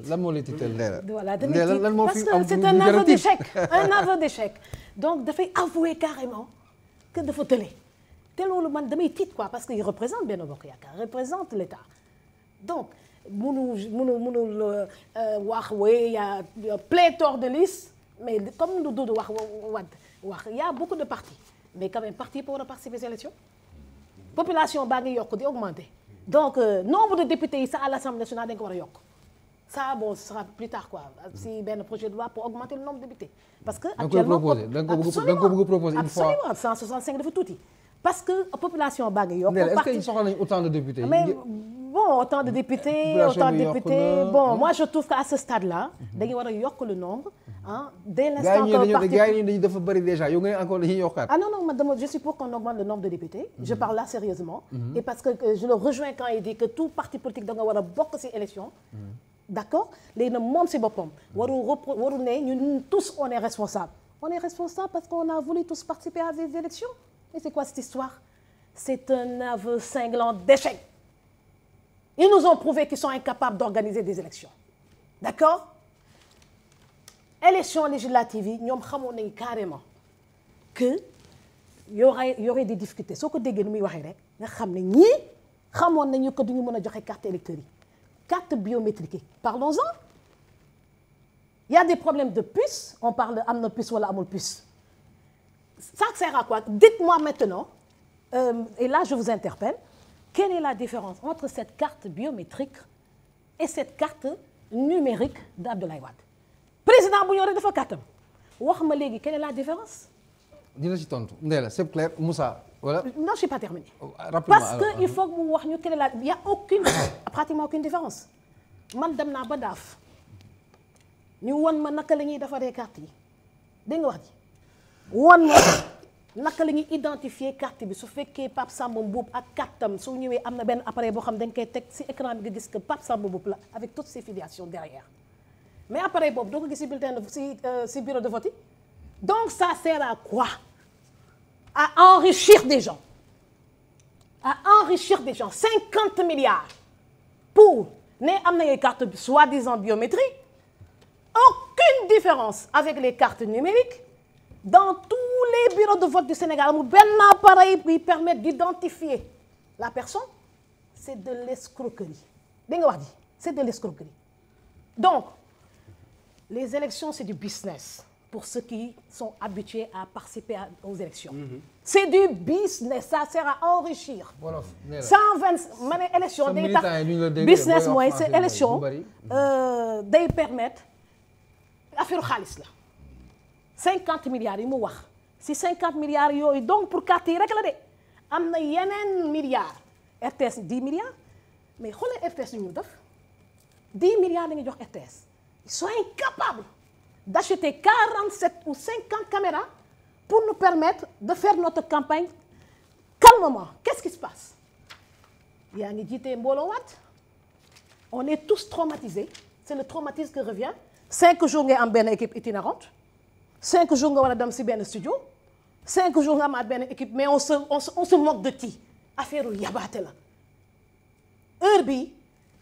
lan moo la tiital Ndella. voilà damay tiit parce que c'est un aveu d'échec un aveu d'échec donc dafay avouer carrément que dafa tële. te loolu man damay tiit quoi parce que il représente Benno Bokk Yaakaar représente l'État donc munu munu munul euh, euh, wax wooy y a pléthore de listes mais comme lu Doudou wax Wade wax y a beaucoup de partis mais quand même parti yëpp war a participer si élection population baa ngi yokk di augmenter donc euh, nombre de députés yi à l'Assemblée nationale dañ ko war a yokk ça sera plus tard quoi si benn projet de loi pour augmenter le nombre de députés parce que actuellement a tuuti parce que population baa ngi yokku. est-ce que soxla nañu autant de députés. mais bon autant de députés. autant de députés bon hmm. moi je trouve que à ce stade là. dañu war a yokk le nombre. ah dès l'instant que parti gars yi dañu dafa bëri déjà yow ngay encore dañuy yokkaat. ah non non madame je suis pour qu'on augmente le nombre de députés. je hmm. parle là sérieusement. et parce que euh, je le rejoins quand il dit que tout parti politique da nga war a bokk ci élection. d'accord léegi nag moom ci boppam. waru repro waru ne ñun tous on est responsable. on est responsable parce qu'on a voulu tous participer à des élections. Mais c'est quoi cette histoire C'est un aveu cinglant d'échec. Ils nous ont prouvé qu'ils sont incapables d'organiser des élections. D'accord Élections législatives yi ñoom xamoon nañu carrément que y aurait y aurait des difficultés soo ko déggee ni muy waxee rek nga xam ne ñii xamoon nañu que duñu mën a joxe carte électeur yi carte biométrique yi parlons-en il y a des problèmes de puce on parle am na puce wala amul puce ça sert à quoi Dites-moi maintenant, euh, et là je vous interpelle, quelle est la différence entre cette carte biométrique et cette carte numérique d'Abdoulaye Wade président bu ñëw rek dafa kàttam wax ma léegi quelle est la différence. dina ci tontu Ndéla c'est clair Moussa voilà. non je suis pas terminée. Oh, rapidement parce que il faut mu wax ñu quelle est la il y a aucune pratiquement aucune différence man dem naa ba daaf ñu won ma naka la ñuy defaree carte yi dégg nga wax ji. woon na naka la ñuy identifier carte bi su fekkee Pape Samba Mboup ak cartam su ñëwee am na benn appareil boo xam dañ koy teg si écran bi nga gis que Pape Samba Mboup la avec toutes ses filiations derrière mais appareil boobu doo ko gis si bulletin de si si euh, bureau de vote yi donc ça sert à quoi à enrichir des gens à enrichir des gens cinquante milliards pour ne am na ay cartes soi-disant biométriques aucune différence avec les cartes numériques dans tous les bureaux de vote du Sénégal amul benn appareil buy permettre d'identifier la personne c'est de l'escroquerie dégg nga wax ji c'est de l'escroquerie donc les élections c'est du business pour ceux qui sont habitués à participer aux élections mm-hmm. c'est du business ça sert à ma ne élection day tax business mooy c'est élection euh, day permettre affaire xaalis la cinquante milliards yu mu wax si cinquante milliards yooyu donc pour carte yi rek la de am na yeneen milliards RTS dix milliards mais xoolee RTS yu ñu def dix milliards dañuy jox RTS ils sont incapables d'acheter quarante sept ou cinquante caméras pour nous permettre de faire notre campagne calmement qu'est-ce qui se passe yaa ngi jiite mbooloo waat on est tous traumatisés c'est le traumatisme qui revient cinq jours ngay am benn équipe itinérante cinq jours nga war a dem si benn studio cinq jours nga amaat benn équipe mais on se on se on se moque de ti affaire yabaate la heure bi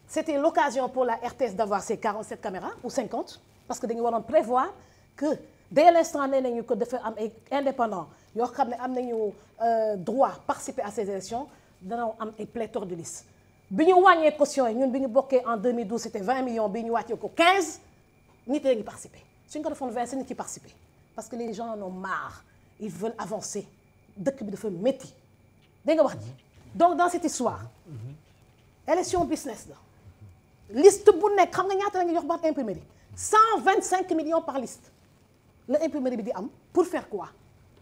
c'était l'occasion pour la RTS d'avoir ses 47 caméras ou 50 parce que dañu waroon prévoir que dès l'instant nee nañu que dafa am ay indépendant yoo xam ne am nañu euh, droit participer à ces élections danañ am ay pléthore de liste bi ñu wàññee caution yi ñun bi ñu bokkee en c'était millions bi ñu wàccee ko 15 nit yi ngi participer suñ ko defoon 20 nit parce que les gens en ont marre ils veulent avancer dëkk bi dafa métti dégg nga wax ji donc dans cette histoire élection la liste bu nekk xam nga ñaata la nga jox baat imprimerie cent vingt cinq millions par liste la imprimerie bi di am pour faire quoi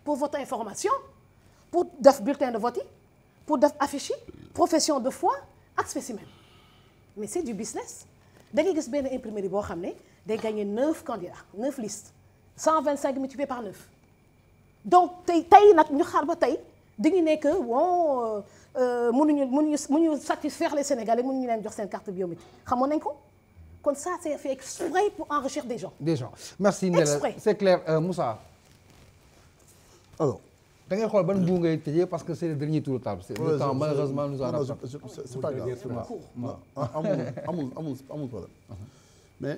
pour votre information pour def bulletin de vote pour def affiche yi profession de foi ak spécimen mais c'est du business da ngay gis benn imprimerie boo xam ne day gagner neuf candidats neuf listes 125 multiplié par 9 donc tey tey nag ñu xaar ba tey dañu nekk bon euh, euh, mënuñu mënuñu mënuñu satisfaire les Sénégalais mënuñu leen jox seen carte biométrique xamoon nañ ko kon ça c'est fait exprès pour enrichir des gens. des gens merci Ndella c'est clair euh, Moussa. alors da ngay xool ban bu ngay tëjee parce que c'est le dernier tour de table. c'est le temps malheureusement nous en rattrape. c'est pas grave amul amul amul problème uh-huh. mais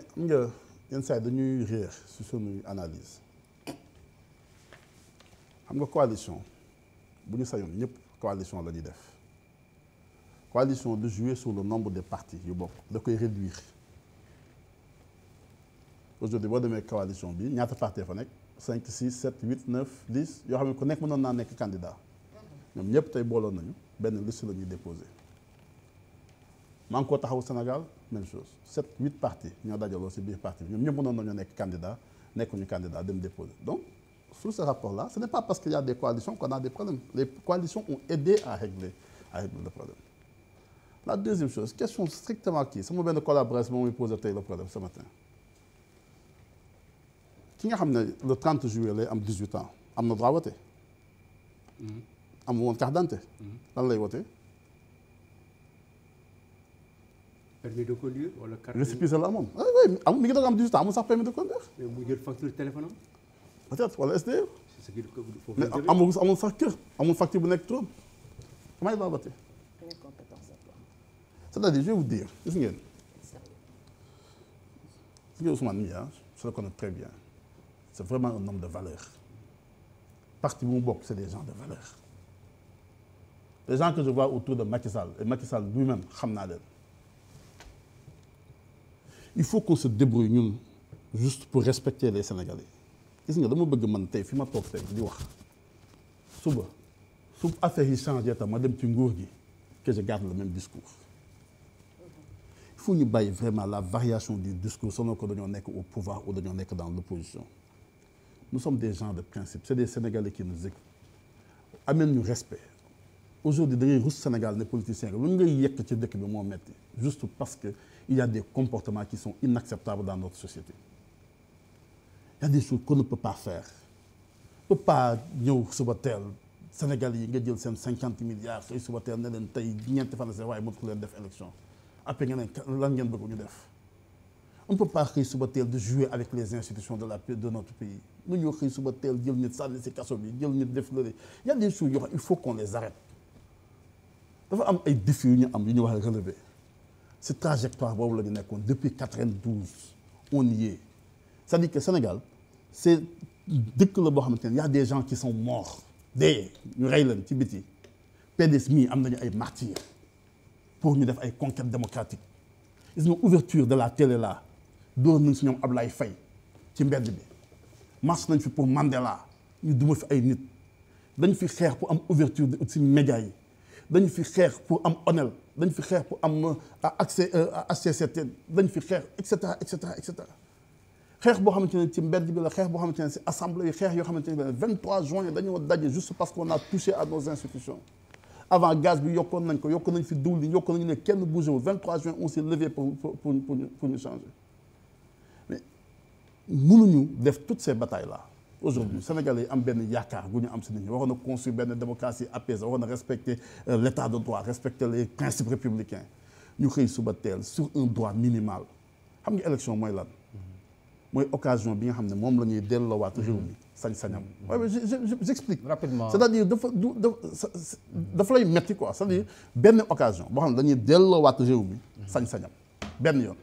yenn saa yi dañuy réer su suñuy analise xam nga coalition bu ñu sayoon ñëpp coalition la ñuy def coalition de jouer sur le nombre de partis yu bokk da koy réduire aujourd'hui boo demee coalition bi ñaata parti fa nekk cinq six sept huit neuf dix yoo xam ne ku nekk mënoon naa nekk candidat ñoom ñëpp tey booloon nañu benn liste la ñuy déposé maa ngi ko même chose sept huit partis ñoo dajaloo si biir parti bi ñoom ñëpp mënoon nañoo nekk candidat nekkuñu candidat dem déposer donc sous ce rapport là ce n'est pas parce qu'il y a des coalitions qu'on a des problèmes les coalitions ont aidé à régler à régler le problème la deuxième chose question strictement kii sama benn collaboration moom muy posé tey le problème ce matin ki nga xam ne le 30 juillet lay am 18 ans am na droit wote mm-hmm. am woon carte d'identité mm-hmm. lan lay wote permis de conduire wala carte. récépissé la amoon ah oui amul mi ngi doon am 18 ans amul sax permis de conduire. mais mu jël facture téléphone am. peut-être wala SDE. c'est ce qu'il faut. mais amul amul sax kër amul facture bu nekk trop. comment il va voter. c'est-à-dire je vais vous dire gis ngeen. gis ngeen Ousmane Mia je le connais très bien. c'est vraiment un homme de valeur. parti bu mu bokk c'est des gens de valeur. les gens que je vois autour de Macky Sall et Macky Sall lui xam naa leen. il faut que se débrouille ñun juste pour respecter les Sénégalais gis nga dama bëgg man tey fi ma toog tey di wax suba su affaire change changé tam ma dem ci nguur gi que je garde le même discours il faut ñu bàyyi vraiment la variation du discours selon ko dañoo nekk au pouvoir ou dañoo nekk dans l'opposition nous sommes des gens de principe c'est des Sénégalais qui nous écoutent amène ñu respect aujourd'hui da ngay rus Sénégal ne politicien nga lu ngay yekk ci dëkk bi moo metti juste parce que il y a des comportements qui sont dans notre société il y a des choses qu'on ne peut pas faire on peut pas ñëw suba teel Sénégal yi nga jël seen cinquante milliards xëy suba teel ne leen tey ñeenti fan la waaye moom ko leen def élection après nga ne lan ngeen bëgg ñu def on peut pas xëy suba teel de jouer avec les institutions de la de notre pays nu ñoo xëy suba teel jël nit sànni si def lële il y a dafa am ay défis yu ñu am yu ñu war a relever si trajectoire boobu la ñu nekkoon depuis 92 on y est cest que Sénégal c'est dëkk la boo xamante ne y a des gens qui sont morts dee ñu rey leen ci biti PDS mii am nañu ay martyrs pour ñu def ay conquêtes démocratiques gis nga ouverture de la télé la door nañ si ñoom Ablaye Faye ci mbedd bi marche nañ fi pour Mandela ñu duma fi ay nit dañ fi xeex pour am ouverture de si média yi dañu fi xeex pour am ONEL dañ fi xeex pour am euh, accès à HCCT dañ fi xeex et cetera et cetera cetera xeex boo xamante ne ci mbedd bi la xeex boo xamante ne ci assemblée yi xeex yoo xamante ne 23 juin dañoo daje juste parce qu'on a touché à nos institutions avant gaz bi yokkoon nañ ko yokkoon nañ fi diwlin yokkoon nañu ne kenn bougé wu 23 juin on s'est levé pour pour pour changer mais def toutes ces batailles là. aujourd'hui sénégal yi am benn yaakaar gu ñu am si nit ñi waroon a construire benn démocratie apaisée waroon a respecter euh, l'état de droit respecter les principes républicains ñu xëy suba teel sur un droit minimal xam nga élection mooy lan mooy occasion bi nga xam ne moom la ñuy delloowaat réew mi sañ-sañam waaye mm-hmm. mais j' explique dafa du dafa lay metti quoi cest benn occasion boo xam ne la ñuy delloowaat réew mi mm-hmm. sañ-sañam benn yoon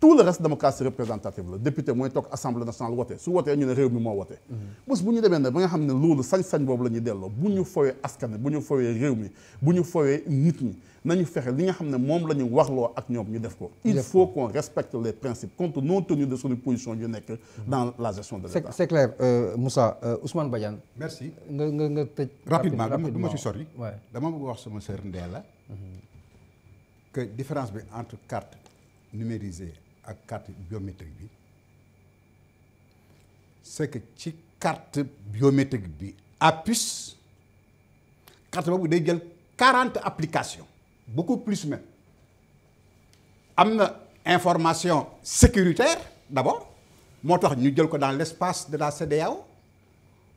tout le reste démocratie représentative la député mooy toog assemblée nationale wote su wotee ñu ne réew mi moo wote bés bu ñu demee ne ba nga xam ne loolu sañ-sañ boobu la delloo bu ñu fowee askan bu ñu fowee réew mi bu ñu fowee nit ñi nañu fexe li nga xam ne moom la ñu warloo ak ñoom ñu def ko il faut qu'on respecte les principes compte non tenu de suñu position yu nekk dans la gestion de l'État c'est clair euh, Moussa euh, Ousmane Badiane merci nga nga nga tëj rapidement du ma ci sori dama bëgg wax sama sœur Ndella mhm. différence bi entre carte numérisée ak carte biométrique bi c'est que ci carte biométrique bi à puce carte boobu day jël quarante applications beaucoup plus même am na information sécuritaire d'abord moo tax ñu jël ko dans l'espace de la CEDEAO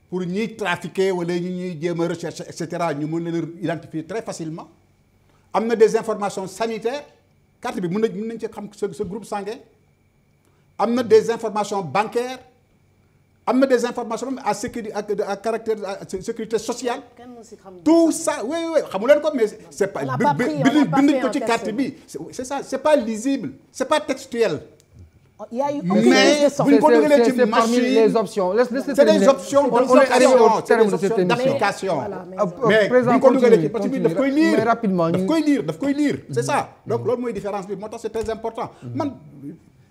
pour ñuy trafiquer wala ñu ñuy jéem a rechercher et cetera ñu mën leen identifier très facilement am na des informations sanitaires carte bi mën nañ mën nañ ci xam sa sa groupe sanguin am na des informations bancaires am na des informations à sécurité à caractère à sécurité sociale. tout ça oui oui xamu leen ko mais bi pas. binduñ ko ci carte bi c'est ça c'est pas lisible c'est pas textuel. il y bu ñu ko dugalee ci marché yi les c'est des options d'application mais bu ñu ko dugalee ci parce que daf koy lire daf koy lire daf koy lire c'est ça mm-hmm. donc loolu mooy différence bi moo tax très important mm-hmm. man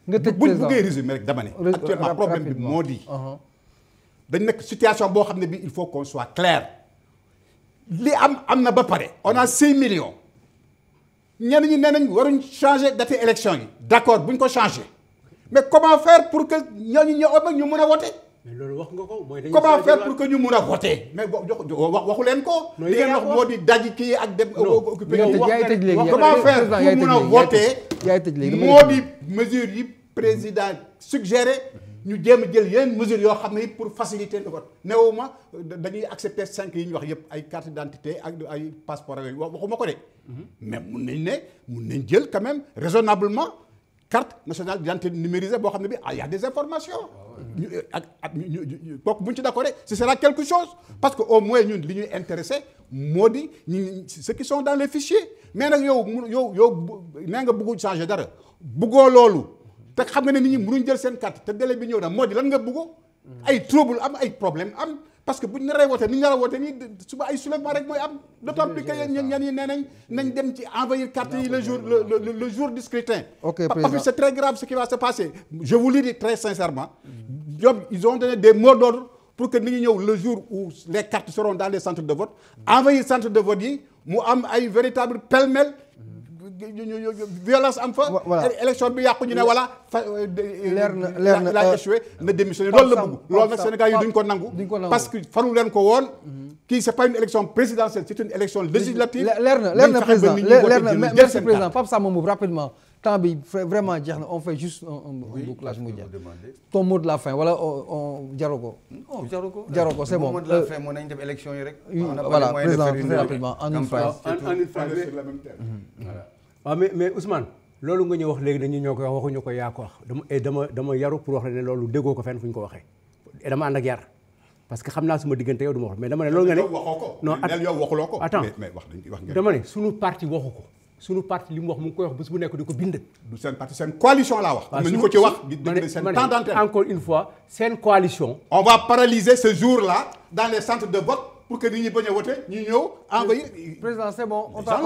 nga tëj buñ buggee résumer actuellement problème bi moo di uh-huh. nekk situation boo xam ne bi il faut qu'on soit clair li am am na ba pare on a 6 millions ñenn ñi ne nañ waruñ changer date élection yi d'accord buñ ko changer mais comment faire pour que ñooñu ñoo ëpp ñu mën a voter. mais loolu wax nga ko mooy comment faire que ñu mën a voter. mais waxu leen ko. li ngeen wax moo di daj kii ak dem. occupé comment faire pour mën a voter. moo di mesure yi président suggéré. ñu jéem a jël yeneen mesures yoo xam ne pour faciliter le vote néewuma dañuy accepter cinq yi ñu wax yëpp ay carte d'identité ak ay passeport yooyu waxuma ko de. Mhm. mais mun nañ ne mun nañ jël quand même raisonnablement. carte nationale d'identité numérisée boo xam ne bi ah y a des informations. ñu ak ak ñu kooku bu ñu ci d'accord ce sera quelque chose parce que au moins ñun li ñu intéressé moo di ñu ceux qui sont dans les fichiers mais nag yow mu yow yow nee nga bëggu changer dara bëggoo loolu te xam nga ne nit ñi mënuñ jël seen carte te délé bi ñëw na moo di lan nga bëggu ay trouble am ay problème am. parce que buñ naree wootee ni ñu nar a suba ay soulèvement rek mooy am d'autant plus que yéen ñan yi dem ci envahir quartier yi le jour le le c'est très grave ce qui va se passer. je vous le très sincèrement. ñoom ils ont donné des mots pour que ni ñu ñëw le jour où les cartes seront dans les de vote envahir centre de vote yi mu am ay véritable pêle-mêle. violence am fa. voilà élection bi yàqu ñu wala. Euh, euh, leer na leer na la euh, échoué na la bëgg. loolu nag Sénégal yi duñ ko nangu. parce que faru leen ko woon. Mhm. kii c'est pas une élection présidentielle c'est une élection législative. leer na président leer na président Pape Samba Mboup rapidement. temps vraiment jeex na on fait juste un bouclage mu jeex la fin wala on Diarogo. non bon yi rek. président en une phrase. waaw mais mais Ousmane loolu nga ñu wax léegi dañu ñoo ko wax waxuñu ko yaa ko wax dama eh, dama dama yaru pour wax la ne loolu déggoo ko fenn fu ñu ko waxee eh, dama ànd ak yar parce que xam naa suma diggante yow du wax mais nga ne waxoo ko non yow waxuloo ko attends mais wax wax nga dama ne suñu parti waxu ko suñu parti li wax mu ngi koy di seen parti seen coalition laa wax ñu ko ci wax seen temps d'antenne encore seen coalition on va paralyser ce jour là dans les centres pour que nit ñi bañ a wote ñu ñëw envoyé. Ah, président c'est bon on t'a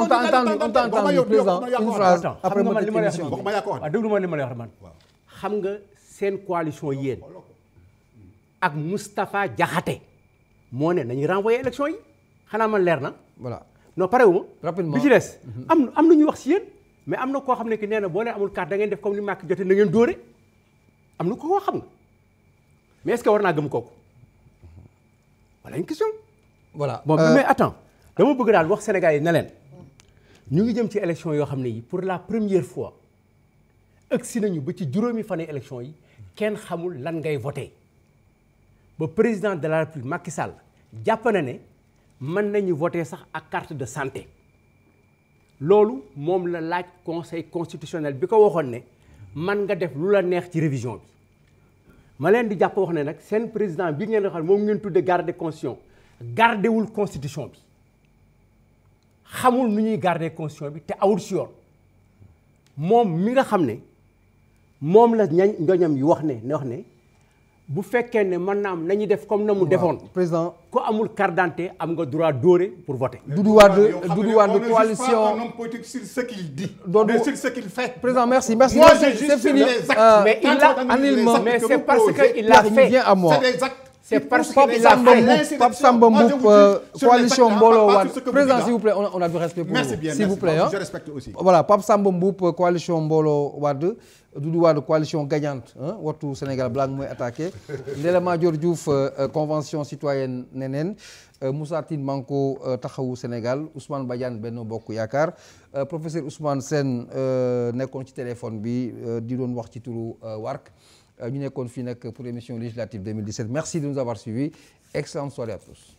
on xam nga seen coalition yéen ak Moustapha Diakhaté moo ne nañu renvoyer élection yi xanaa man leer na. voilà non pare wu ma. rapidement ci des. Mhm. am am na ñu wax si yéen. mais am na koo xam ne ki nee na boo leen amul carte da ngeen def comme ni Macky jotee na dóore am na ko koo xam nga mais est-ce que war naa gëm kooku wala une question. voilà bon euh, mais attends dama bëgg daal wax Sénégal yi ne leen ñu ngi jëm ci élection yoo xam ne yi pour la première fois agsi nañu ba ci juróomi fan élection yi kenn xamul lan ngay voté ba président de la république Macky Sall jàpp na ne mën nañu voté sax ak carte de santé loolu moom la laaj conseil constitutionnel bi ko waxoon ne man nga def lu la neex ci révision bi ma leen di jàpp wax ne nag seen président bi ngeen xam moom ngeen tudde garde constitution gardewul constitution bi xamul nu ñuy garder constitution bi te awul si yoon moom mi nga xam ne moom la ñañ ñoñam yi wax ne ne wax ne bu fekkee ne man naa am nañu def comme na mu defoon. président ku amul carte d'identité am nga droit dóore pour voter. Doudou Wade Doudou Wade coalition on ne juge pas un homme politique sur président merci merci. moi je juge sur les euh, actes. mais il a mais que il l'a c'est parce que a fait Pape Samba coalition Mbooloo Wade président s'il vous plaît on a du respect pour vous s'il vous plaît je respecte aussi voilà Samba Mboup coalition Mbooloo Wade Doudou Wade coalition gagnante wattu Sénégal blague mooy attaqué Ndella Madior Diouf euh, euh, convention citoyenne neneen euh, Moussa Manko taxawu Sénégal Ousmane Badiane Benno Bokk Yaakaar professeur Ousmane Sène nekkoon ci téléphone bi di doon wax ci turu WARC Euh, ñu nekkoon fii nag pour émission législative 2017 merci de nous avoir suivis excellente soirée à tous